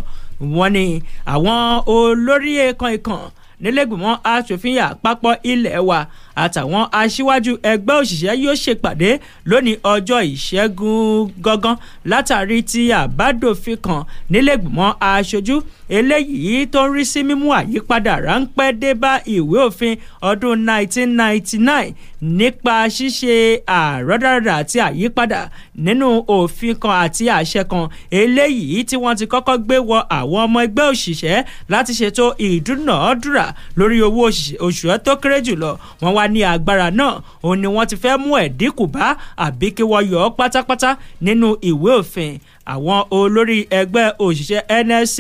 wọ́n ní àwọn olórí ẹ̀kan ìkàn nílẹ̀gbìmọ̀ asòfin àpapọ̀ ilẹ̀ wa àtàwọn aṣíwájú ẹgbẹ́ òṣìṣẹ́ yóò ṣèpàdé lónìí ọjọ́ ìṣẹ́gun gangan látàrí ti àbádòfin kan nílẹ̀gbìmọ̀ aṣojú eléyìí tó ń rí sí mímú àyípadà ráńpẹ́ dé bá ìwé òfin ọdún 1999 nípa ṣíṣe àrọ́dàrọ́dà àti àyípadà nínú òfin kan àti àṣẹ kan eléyìí tí wọ́n ti kọ́kọ́ gbé wọ àwọn ọmọ ẹgbẹ́ òṣìṣẹ́ láti ṣètò ìdúnàádúrà lórí owó oṣù tó kéré jùlọ wọ́n wá ní agbára náà òun ni wọ́n ti fẹ́ mú ẹ̀dínkù bá àbí kí wọ́n yọ ọ́ pátápátá nínú ìwé òfin àwọn olórí ẹgbẹ́ òṣìṣẹ́ NLC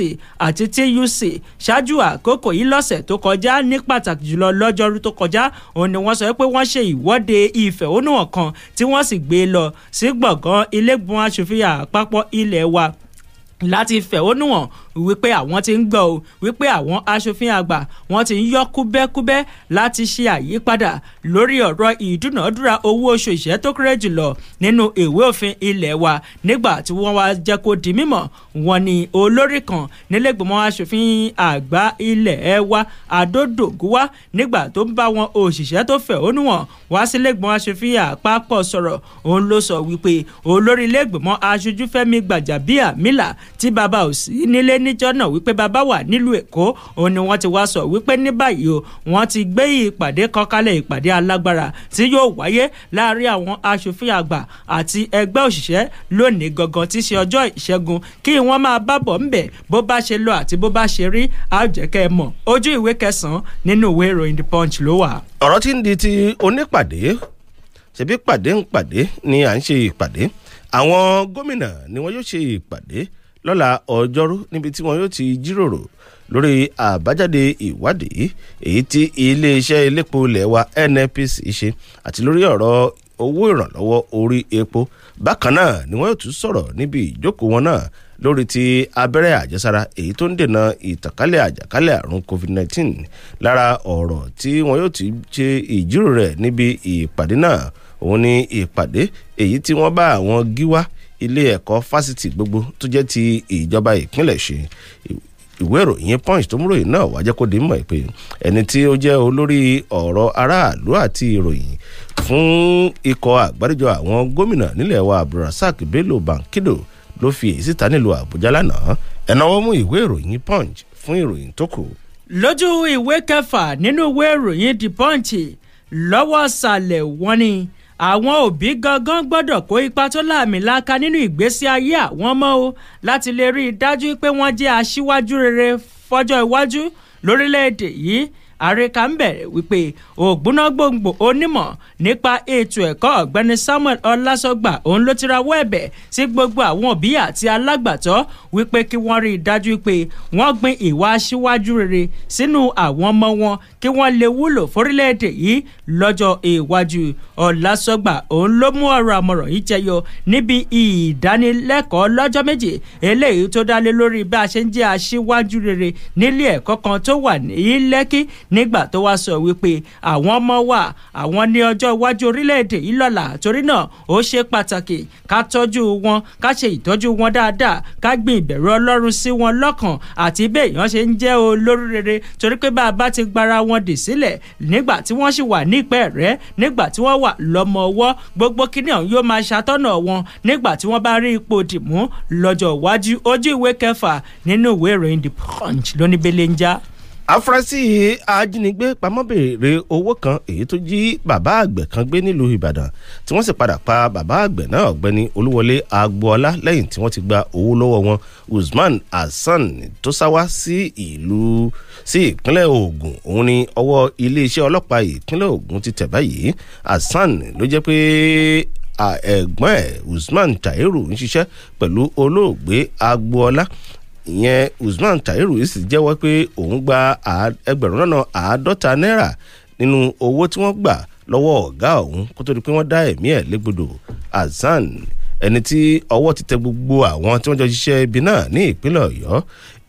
àti TUC ṣáájú àkókò yìí lọ́sẹ̀ tó kọjá ní pàtàkì jùlọ lọ́jọ́rú tó kọjá òun ni wọ́n sọ pé wọ́n ṣe ìwọ́de ìfẹ̀hónúhàn kan tí wọ́n sì gbé lọ sí gbọ̀ngàn ilé ìgbìmọ̀ aṣòfin àpapọ̀ ilé wa láti fẹ̀hónú wípé àwọn ti ń gbọ́ o wípé àwọn aṣòfin àgbà wọn ti ń yọ kúbẹ́kúbẹ́ láti ṣe àyípadà lórí ọ̀rọ̀ ìdúnàádúrà owó oṣù iṣẹ́ tó kéré jùlọ nínú ìwé òfin ilé wa nígbà tí wọ́n wá jẹ́ kó di mímọ̀ wọ́n ní olórí kan nílẹ̀gbọ̀mọ́ aṣòfin àgbà ilé wa Adódògúwá nígbà tó ń bá wọn òṣìṣẹ́ tó fẹ̀hónú hàn wá sílẹ̀gbọ̀n aṣòfin àpapọ̀ sọ̀rọ̀ òun ló sọ wípé olórí ilẹ̀gbọ̀mọ́ aṣojú Fẹ́mi Gbàjàbíàmílà tí bàbá ò sí nílé níjọ́ náà wípé bàbá wà nílùú èkó òun ni wọ́n ti wá sọ wípé ní báyìí wọ́n ti gbé ìpàdé kan ìpàdé alágbára tí yóò wáyé láàrin àwọn aṣòfin àgbà àti ẹgbẹ́ òṣìṣẹ́ lónìí gangan tí í ṣe ọjọ́ ìṣẹ́gun kí wọ́n máa bábọ̀ ńbẹ̀ bó bá ṣe lọ àti bó bá ṣe rí àjẹkẹ́ mọ̀ ojú ìwé kẹsàn-án nínú ìwé ìròyìn the punch ló wà. ọ̀rọ̀ tí ń di ti onípàdé ṣebí pàdé ń pàdé ni à ń ṣe ìpàdé àwọn gómìnà ni wọn yóò ṣe ìpàdé lọ́la ọjọ́rú níbi tí wọn yóò ti jíròrò lórí àbájáde ìwádìí èyí tí iléeṣẹ́ elépo ilẹ̀ wa NNPC ṣe àti lórí ọ̀rọ̀ owó ìrànlọ́wọ́ orí epo bákan náà ni wọ́n yóò tún sọ̀rọ̀ níbi ìjókòó wọn náà lórí ti abẹ́rẹ́ àjẹsára èyí tó ń dènà ìtànkálẹ̀ àjàkálẹ̀ àrùn covid-19 lára ọ̀rọ̀ tí wọn yóò ti ṣe ìjíròrò rẹ̀ níbi ìpàdé náà òun ni ìpàdé èyí tí wọ́n bá àwọn gíwá ilé ẹ̀kọ́ fásitì gbogbo tó jẹ́ ti ìjọba ìpínlẹ̀ ṣe ìwé ìròyìn punch tó ń ròyìn náà wá jẹ́ kó di mọ̀ pé ẹni tí ó jẹ́ olórí ọ̀rọ̀ aráàlú àti ìròyìn fún ikọ̀ àgbáríjọ àwọn gómìnà nílẹ̀ wa abdulrasaq bello bankido ló fi èyí síta nílùú àbújá lánàá ẹ̀náwó mú ìwé ìròyìn punch fún ìròyìn tó kù. lójú ìwé kẹfà nínú ìwé ìròyìn the punch lọ́wọ́ sàlẹ̀ wọ́n ni àwọn òbí gangan gbọ́dọ̀ kó ipa tó láàmìlaka nínú ìgbésí ayé àwọn ọmọ o láti lè rí i dájú pé wọ́n jẹ́ aṣíwájú rere fọ́jọ́ iwájú lórílẹ̀ yìí àrèkà ń bẹ̀rẹ̀ wípé ògbóná gbòǹgbò onímọ̀ nípa ètò ẹ̀kọ́ ọ̀gbẹ́ni Samuel Ọlásọgbà òun ló ti rawọ́ ẹ̀bẹ̀ sí gbogbo àwọn òbí àti alágbàtọ́ wípé kí wọ́n rí i dájú pé wọ́n gbin ìwà aṣíwájú rere sínú àwọn ọmọ wọn kí wọ́n lè wúlò fórílẹ̀-èdè yìí lọ́jọ́ iwájú Ọlásọgbà òun ló mú ọ̀rọ̀ àmọ̀ràn yìí jẹyọ níbi ìdánilẹ́kọ̀ọ́ lọ́jọ́ méje eléyìí tó dá lé lórí bí a ṣe ń jẹ́ aṣíwájú rere nílé ẹ̀kọ́ kan tó wà ní Lẹ́kì nígbà tó wá sọ wípé àwọn ọmọ wa àwọn ní ọjọ́ iwájú orílẹ̀-èdè yìí lọ́la torí náà ó ṣe pàtàkì ká tọ́jú wọn ká ṣe ìtọ́jú wọn dáadáa ká gbin ìbẹ̀rù ọlọ́run sí wọn lọ́kàn àti bẹ́ẹ̀ yẹn ṣe ń jẹ́ olórí rere torí pé bá a bá ti gbara wọn dì sílẹ̀ nígbà tí wọ́n sì wà ní ìpẹ́ rẹ̀ nígbà tí wọ́n wà lọ́mọ ọwọ́ gbogbo kíní ọ̀hún yóò máa ṣàtọ́nà wọn nígbà tí wọ́n bá rí ipò dìmú lọ́jọ́ iwájú ojú ìwé kẹfà nínú ìwé ìròyìn The Punch lónìí Belenja afurasí ajínigbé pamọ́ béèrè owó kan èyí tó jí bàbá àgbẹ̀ kan gbé nílùú ìbàdàn tí wọ́n sì padà pa bàbá àgbẹ̀ náà ọ̀gbẹ́ni olúwọlé agboola lẹ́yìn tí wọ́n ti gba owó lọ́wọ́ wọn usman hasan tó sá wá sí ìlú sí ìpínlẹ̀ ògùn òun ni ọwọ́ iléeṣẹ́ ọlọ́pàá ìpínlẹ̀ ògùn ti tẹ̀ báyìí hasan ló jẹ́ pé ẹ̀gbọ́n ẹ̀ usman tairu ń ṣiṣẹ́ pẹ̀lú olóògbé agboola ìyẹn Usman Tairu sì jẹ́wọ́ pé òun gba ẹgbẹ̀rún lọ́nà àádọ́ta náírà nínú owó tí wọ́n gbà lọ́wọ́ ọ̀gá òun kó tó di pé wọ́n dá ẹ̀mí ẹ̀ légbodò Hasan ẹni tí ọwọ́ ti tẹ gbogbo àwọn tí wọ́n jọ ṣiṣẹ́ ibi náà ní ìpínlẹ̀ Ọ̀yọ́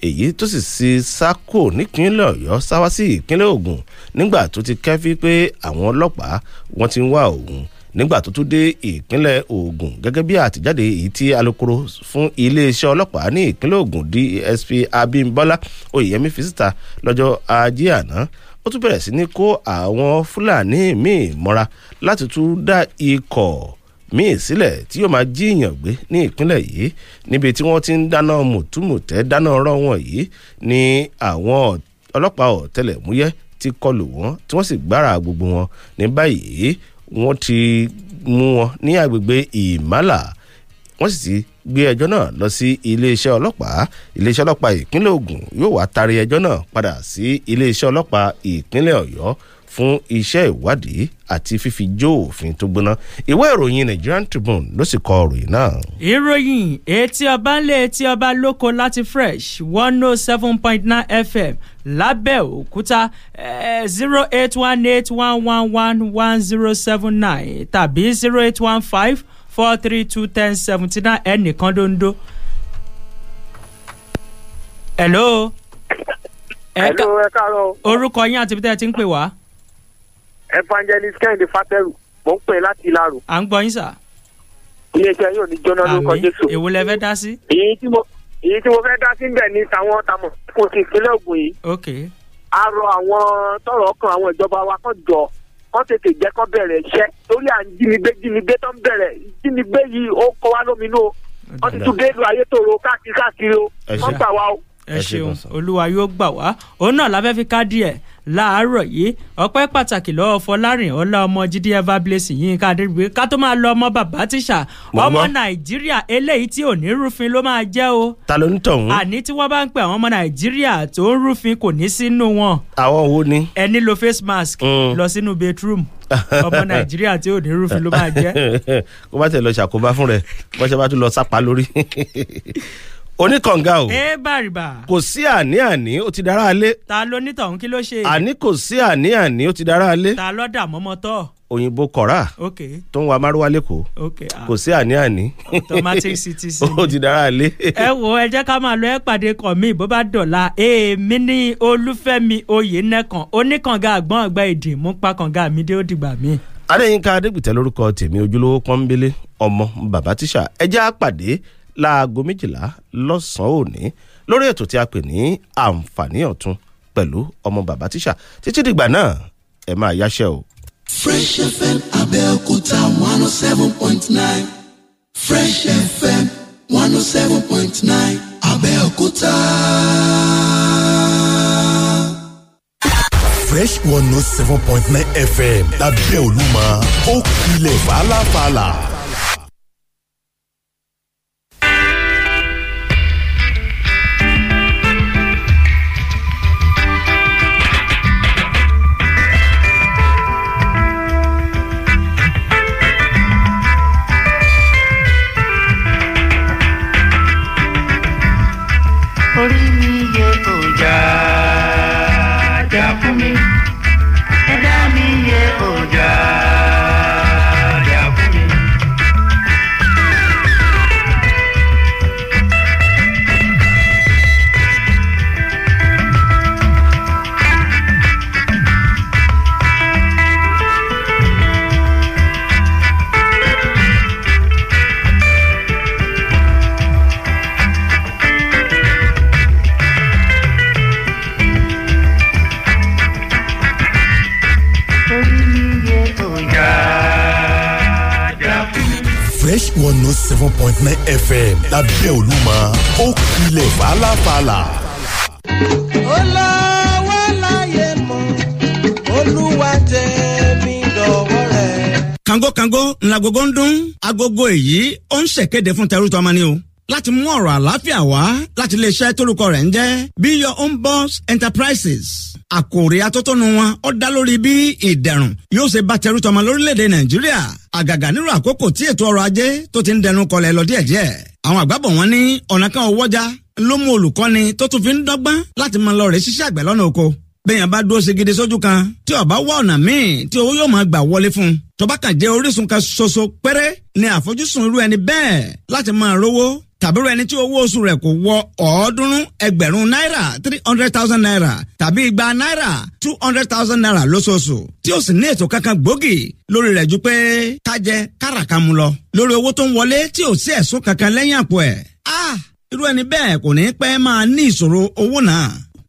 èyí tó sì ṣe sákò nípínlẹ̀ Ọ̀yọ́ sáwá sí ìpínlẹ̀ Ògùn nígbà tó ti kẹ́fí pé àwọn ọlọ́pàá wọ́n ti ń wá òun nígbà tó tún dé ìpínlẹ̀ Ògùn gẹ́gẹ́ bí àtìjáde èyí tí alukoro fún iléeṣẹ́ ọlọ́pàá ní ìpínlẹ̀ Ògùn DSP Abímbọ́lá Oyèyẹmí fi síta lọ́jọ́ ajé àná ó tún bẹ̀rẹ̀ sí ní kó àwọn Fúlàní míì mọ́ra láti tún dá ikọ̀ míì sílẹ̀ tí yóò máa jíyàn gbé ní ìpínlẹ̀ yìí níbi tí wọ́n ti ń dáná mùtúmùtẹ́ dáná ọ̀rọ̀ wọn yìí ni àwọn ọlọ́pàá ọ̀tẹlẹ̀múyẹ́ ti kọlù wọn tí wọ́n sì gbára gbogbo wọn ní báyìí wọ́n ti mú wọn ní agbègbè ìmàlà wọ́n sì ti gbé ẹjọ́ náà lọ sí iléeṣẹ́ ọlọ́pàá iléeṣẹ́ ọlọ́pàá ìpínlẹ̀ Ògùn yóò wá tarí ẹjọ́ náà padà sí iléeṣẹ́ ọlọ́pàá ìpínlẹ̀ Ọ̀yọ́ fún iṣẹ́ ìwádìí àti fífi jó òfin tó gbóná ìwé ìròyìn Nigerian Tribune ló sì kọ ìròyìn náà. ìròyìn etí ọba ń lé etí ọba lóko láti fresh one oh seven point nine FM lábẹ́òkúta eh, zero eight one eight one one one one zero seven nine tàbí zero eight one five four three two ten seventy nine ẹnìkan dondo. hello. hello ẹ káàárọ̀. orúkọ yín àti bí tẹ́ ẹ ti ń pè wá evangelist kẹ́hìndé fátẹ́rù mò ń pè é láti ìlarò. à ń gbọ́ yín sà. iléeṣẹ́ yóò ní jóná lórúkọ jésù. èwo lẹ fẹ́ dá sí. èyí tí mo èyí tí mo fẹ́ dá sí bẹ̀ ni tàwọn tamọ̀ kò sì ìpínlẹ̀ ògùn yìí. ok. a rọ àwọn tọrọ kan àwọn ìjọba wa kó jọ kó tètè jẹ́ kó bẹ̀rẹ̀ iṣẹ́ torí à ń jínigbé jínigbé tó ń bẹ̀rẹ̀ jínigbé yìí ó kọ́ wa lóminú o wọ́n ti tún dé ìlú ayétòrò káàkiri káàkiri o wọ́n gbà wá o. ẹ ṣeun olúwa yóò gbà wá òun náà la fi ká díẹ̀ láàárọ̀ yìí ọpẹ́ pàtàkì lọ́wọ́ fọlárìn ọlá ọmọ jíde eva blessing yín ká débi ká tó máa lọ ọmọ bàbá tíṣà ọmọ nàìjíríà eléyìí tí ò ní rúfin ló máa jẹ́ o. ta ló ń tọ̀hún. àní tí wọ́n bá ń pè àwọn ọmọ nàìjíríà tó ń rúfin kò ní sínú wọn. àwọn wo ni. ẹni lo face mask mm. lọ sínú bedroom ọmọ nàìjíríà tí ò ní rúfin ló máa jẹ́. kó bá tẹ̀ lọ ṣàkóbá fún rẹ̀ bọ́sẹ̀ oníkànga o. ẹ bàrìbà. kò sí àní-àní ó ti dára alé. ta ló ní tọ̀hún kí ló ṣe. àní kò sí àní-àní ó ti dára alé. ta ló dà mọ́mọ́ tọ́. òyìnbó kọ̀rá. ok tó ń wa márúwá lẹ́kọ̀ọ́. ok ah. kò sí àní-àní. automatic ctc ni. ó ti dára alé. ẹ wo ẹ jẹ́ ká máa lọ ẹ pàdé kàn mí bó bá dọ̀la èèmí ní olúfẹ́mi oyènẹ́kan oníkànga àgbọ̀n àgbà èdè mú pa kànga mi dé ó dìgbà mi. adéyínká adégbìtẹ́ lórúkọ tèmi ojúlówó pọ́nbélé ọmọ bàbá tíṣà ẹjẹ́ àpàdé láago méjìlá lọ́sàn-án òní lórí ètò tí a pè ní àǹfààní ọ̀tun pẹ̀lú ọmọ bàbá tíṣà títí dìgbà náà ẹ máa yáṣẹ́ o. Fresh FM Abẹ́òkúta one oh seven point nine Fresh FM one oh seven point nine Abẹ́òkúta. Fresh one oh seven point nine FM lábẹ́ Olúmọ ó kilẹ̀ fàlàfàlà. lagogo ń dún agogo èyí ó ń ṣèkéde fún tẹrú tọmọ ni o láti mú ọ̀rọ̀ àlàáfíà wá láti iléeṣẹ́ tórúkọ rẹ̀ ń jẹ́ Be Your Own Boss Enterprises àkòrí atótónu wọn ó dá lórí bí ìdẹ̀rùn yóò ṣe bá tẹrú tọmọ lórílẹ̀‐èdè Nàìjíríà àgàgà nírú àkókò tí ètò ọrọ̀ ajé tó ti ń dẹnu kọlẹ̀ lọ díẹ̀díẹ̀ àwọn àgbàbọ̀ wọn ní ọ̀nà kan ò wọ́jà ló mú olùkọ́ni tó tún fi ń dọ́gbọ́n láti máa lọ rè ṣiṣẹ́ àgbẹ̀ lọ́nà oko bẹ́yàn bá dúró ṣègede sójú kan tí ó bá wá ọ̀nà míì tí owó yóò máa gbà wọlé fún un tó bá kàn jẹ́ orísun kan ṣoṣo péré ni àfojúsùn irú ẹni bẹ́ẹ̀ láti máa rówó tàbí rẹ ẹni tí owó oṣù rẹ̀ kò wọ ọ̀ọ́dúnrún ẹgbẹ̀rún náírà three hundred thousand naira tàbí igba náírà two hundred thousand naira lóṣooṣù tí ó sì ní ètò kankan gbòógì lórí rẹ̀ ju pé kájẹ káràkàmù lọ lórí owó tó ń wọlé tí ò sí ẹ̀sùn kankan lẹ́yìn àpò ẹ̀. Ah! irú ẹni bẹ́ẹ̀ kò ní pẹ́ máa ní ìṣòro owó náà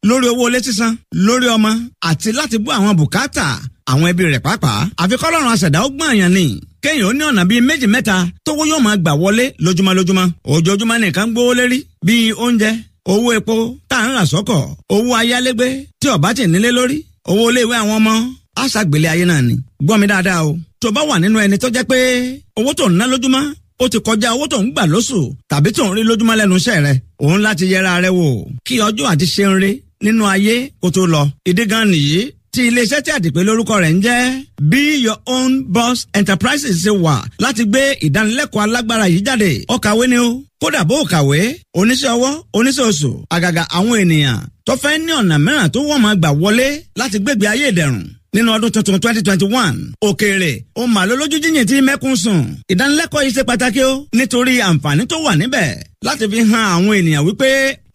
lórí owó ilé sísan lórí ọmọ àti láti bú àwọn bùkátà àwọn ẹbí rẹ̀ pàápàá àfikọ́lọ́run àṣẹ̀dá ó gbọ́n àyàn ni kéèyàn ó ní ọ̀nà bíi méjì mẹ́ta tówó yóò máa gbà wọlé lójúmọ́ lójúmọ́ ojoojúmọ́ nìkan gbówó lérí bíi oúnjẹ owó epo tá à ń rà sọ́kọ̀ owó ayálégbé tí ọ̀bá tì nílé lórí owó iléèwé àwọn ọmọ àṣàgbélé ayé náà ni gbọ́ mi dáadáa o tó bá wà nínú ẹni tó jẹ́ pé owó tó ń ná lójúmọ́ ó ti kọjá owó tó ń gbà lóṣù tàbí tó ń rí lójúmọ́ lẹ́nu iṣẹ́ rẹ̀ òun láti yẹra rẹ̀ wò kí ọjọ́ àti ṣe rí nínú ayé kó tó lọ. ìdí gan nìyí tí iléeṣẹ́ tí àdìpé lórúkọ rẹ̀ ń jẹ́ Be Your Own Boss Enterprises ṣe wà láti gbé ìdánilẹ́kọ̀ọ́ alágbára yìí jáde ó kàwé ni ó kódà bó kàwé oníṣẹ́ ọwọ́ oníṣẹ́ oṣù àgàgà àwọn ènìyàn tó fẹ́ ní ọ̀nà mìíràn tó wọ́n máa gbà wọlé láti gbégbé ayé ìdẹ̀rùn nínú ọdún tuntun twenty twenty one òkèèrè ó mà ló lójú jíjìn tí mẹ́kún sùn ìdánilẹ́kọ̀ọ́ yìí ṣe pàtàkì ó nítorí àǹfààní tó wà níbẹ̀ láti fi hàn àwọn ènìyàn wípé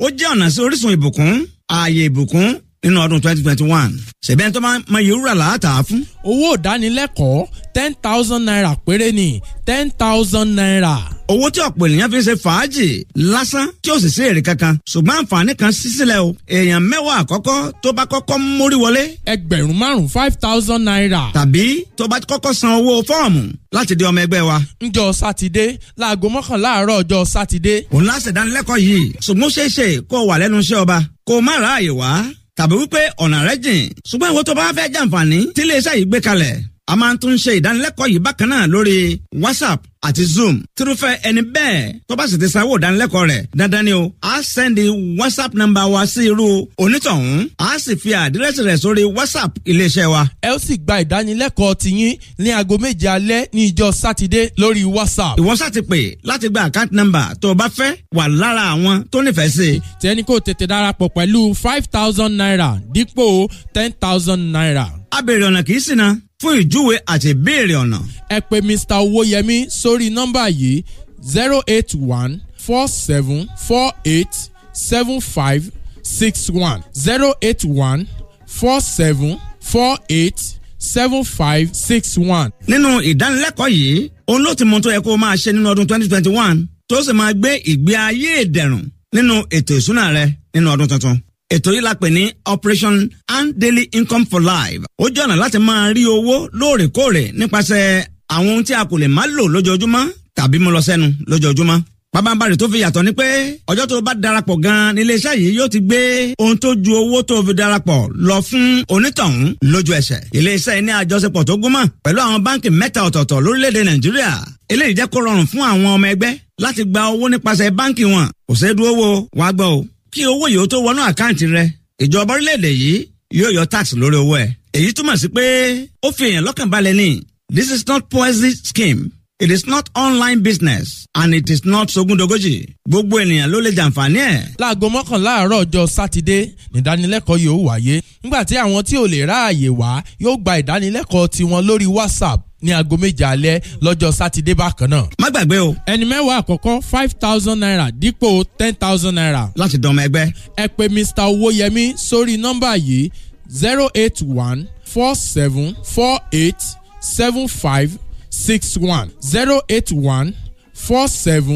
ó jẹ́ ọ̀nà sí orísun ìbùkún ààyè ìbùkún nínú ọdún twenty twenty one ṣẹ̀bẹ́ tó máa mọ iye wúrà làátà fún. owó ìdánilẹ́kọ̀ọ́ ten thousand naira péré ni ten thousand naira. owó tí ọ̀pọ̀ ènìyàn fi ń ṣe fàájì lásán tí ó sì sí èrè kankan ṣùgbọ́n àǹfààní kan ṣí sílẹ̀ o èèyàn mẹ́wàá àkọ́kọ́ tó bá kọ́kọ́ mórí wọlé. ẹgbẹ̀rún márùn-ún five thousand naira. tàbí tó bá kọ́kọ́ san owó fọ́ọ̀mù láti di ọmọ ẹgbẹ́ wa. njọ sátidé láago mọ́kànlá àárọ̀ ọjọ́ sátidé. òun láṣẹ̀dánilẹ́kọ̀ọ́ yìí ṣùgbọ́n ṣeéṣe kó wà lẹ́nu iṣẹ́ ọba kó má ráàyè wá tàbí wípé ọ̀nà rẹ jìn ṣùgbọ́n ìwọ tó bá fẹ́ jàǹfààní tí iléeṣẹ́ yìí gbé kalẹ̀ a máa tún ṣe ìdánilẹ́kọ̀ọ́ yìí bákan náà lórí whatsapp àti zoom tirúfẹ́ ẹni bẹ́ẹ̀ tó bá sì ti sanwó ìdánilẹ́kọ̀ọ́ rẹ̀ dandan ni o a sẹ́ndì whatsapp nọ́mbà wa sí irú onítọ̀hún a sì fi àdírẹ́sì rẹ̀ sórí whatsapp iléeṣẹ́ wa. ẹ ó sì gba ìdánilẹ́kọ̀ọ́ tiyín ní aago méje alẹ́ ní ìjọ sátidé lórí whatsapp. ìwọ sá ti pè láti gba account number tó o bá fẹ́ wà lára àwọn tó nífẹ̀ẹ́ sí i. tẹ́ni kò tètè darapọ̀ pẹ̀lú five thousand naira dípò ten thousand naira. a béèrè ọ̀nà kì í ṣìnà fún ìjúwe àti ìbéèrè ọ̀nà. ẹ pè mr owóyẹmí sórí nọ́mbà yìí zero eight one four seven four eight seven five six one zero eight one four seven four eight seven five six one. nínú ìdánilẹ́kọ̀ọ́ yìí òun ló ti mú tó yẹ kó o máa ṣe nínú ọdún twenty twenty one tó sì máa gbé ìgbé ayé ìdẹ̀rùn nínú ètò ìsúná rẹ nínú ọdún tuntun ètò yìí la pè ní operation and daily income for life ó jẹ́ ọ̀nà láti máa rí owó lóòrèkóòrè nípasẹ̀ àwọn ohun tí a kò lè má lò lójoojúmọ́ tàbí mú lọ sẹ́nu lójoojúmọ́ pàbàbàrè tó fi yàtọ̀ ni pé ọjọ́ tó bá darapọ̀ gan-an nílé iṣẹ́ yìí yóò ti gbé ohun tó ju owó tó fi darapọ̀ lọ fún onítọ̀hún lójú ẹsẹ̀. ilé iṣẹ́ yìí ní àjọṣepọ̀ tó gúnmọ̀ pẹ̀lú àwọn báńkì mẹ́ta ọ̀tọ̀ọ̀tọ̀ lórílẹ̀‐èdè nàìjíríà eléyìí jẹ́ kó rọrùn fún àwọn ọmọ ẹgbẹ́ láti gba owó nípasẹ̀ báńkì wọn kò ṣeé dúró wo wá gbọ́ o kí owó yìí ó tó wọnú àkáǹtì rẹ ìjọba orílẹ̀-èdè yìí yóò yọ tax lórí owó ẹ̀ èyí túmọ̀ sí pé ó fi èèyàn lọ́kàn balẹ̀ ní this is not poison scheme it is not online business and it is not sogundogoji gbogbo ènìyàn ló lè jàǹfààní ẹ̀. láago mọ́kànlá àárọ̀ ọjọ́ sátidé nídánilẹ́kọ̀ọ́ yóò wáyé nígbà tí àwọn tí ò lè ráàyè wá yóò gba ìdánilẹ́kọ̀ọ́ tiwọn lórí whatsapp ní aago méje alẹ́ lọ́jọ́ sátidé bákan náà. má gbàgbé o. ẹni mẹ́wàá àkọ́kọ́ five thousand naira dípò ten thousand naira. láti dán ọmọ ẹgbẹ́. ẹ pè mr owóyẹmí sórí nọ́mbà yìí zero eight one four seven four eight seven five six one zero eight one four seven.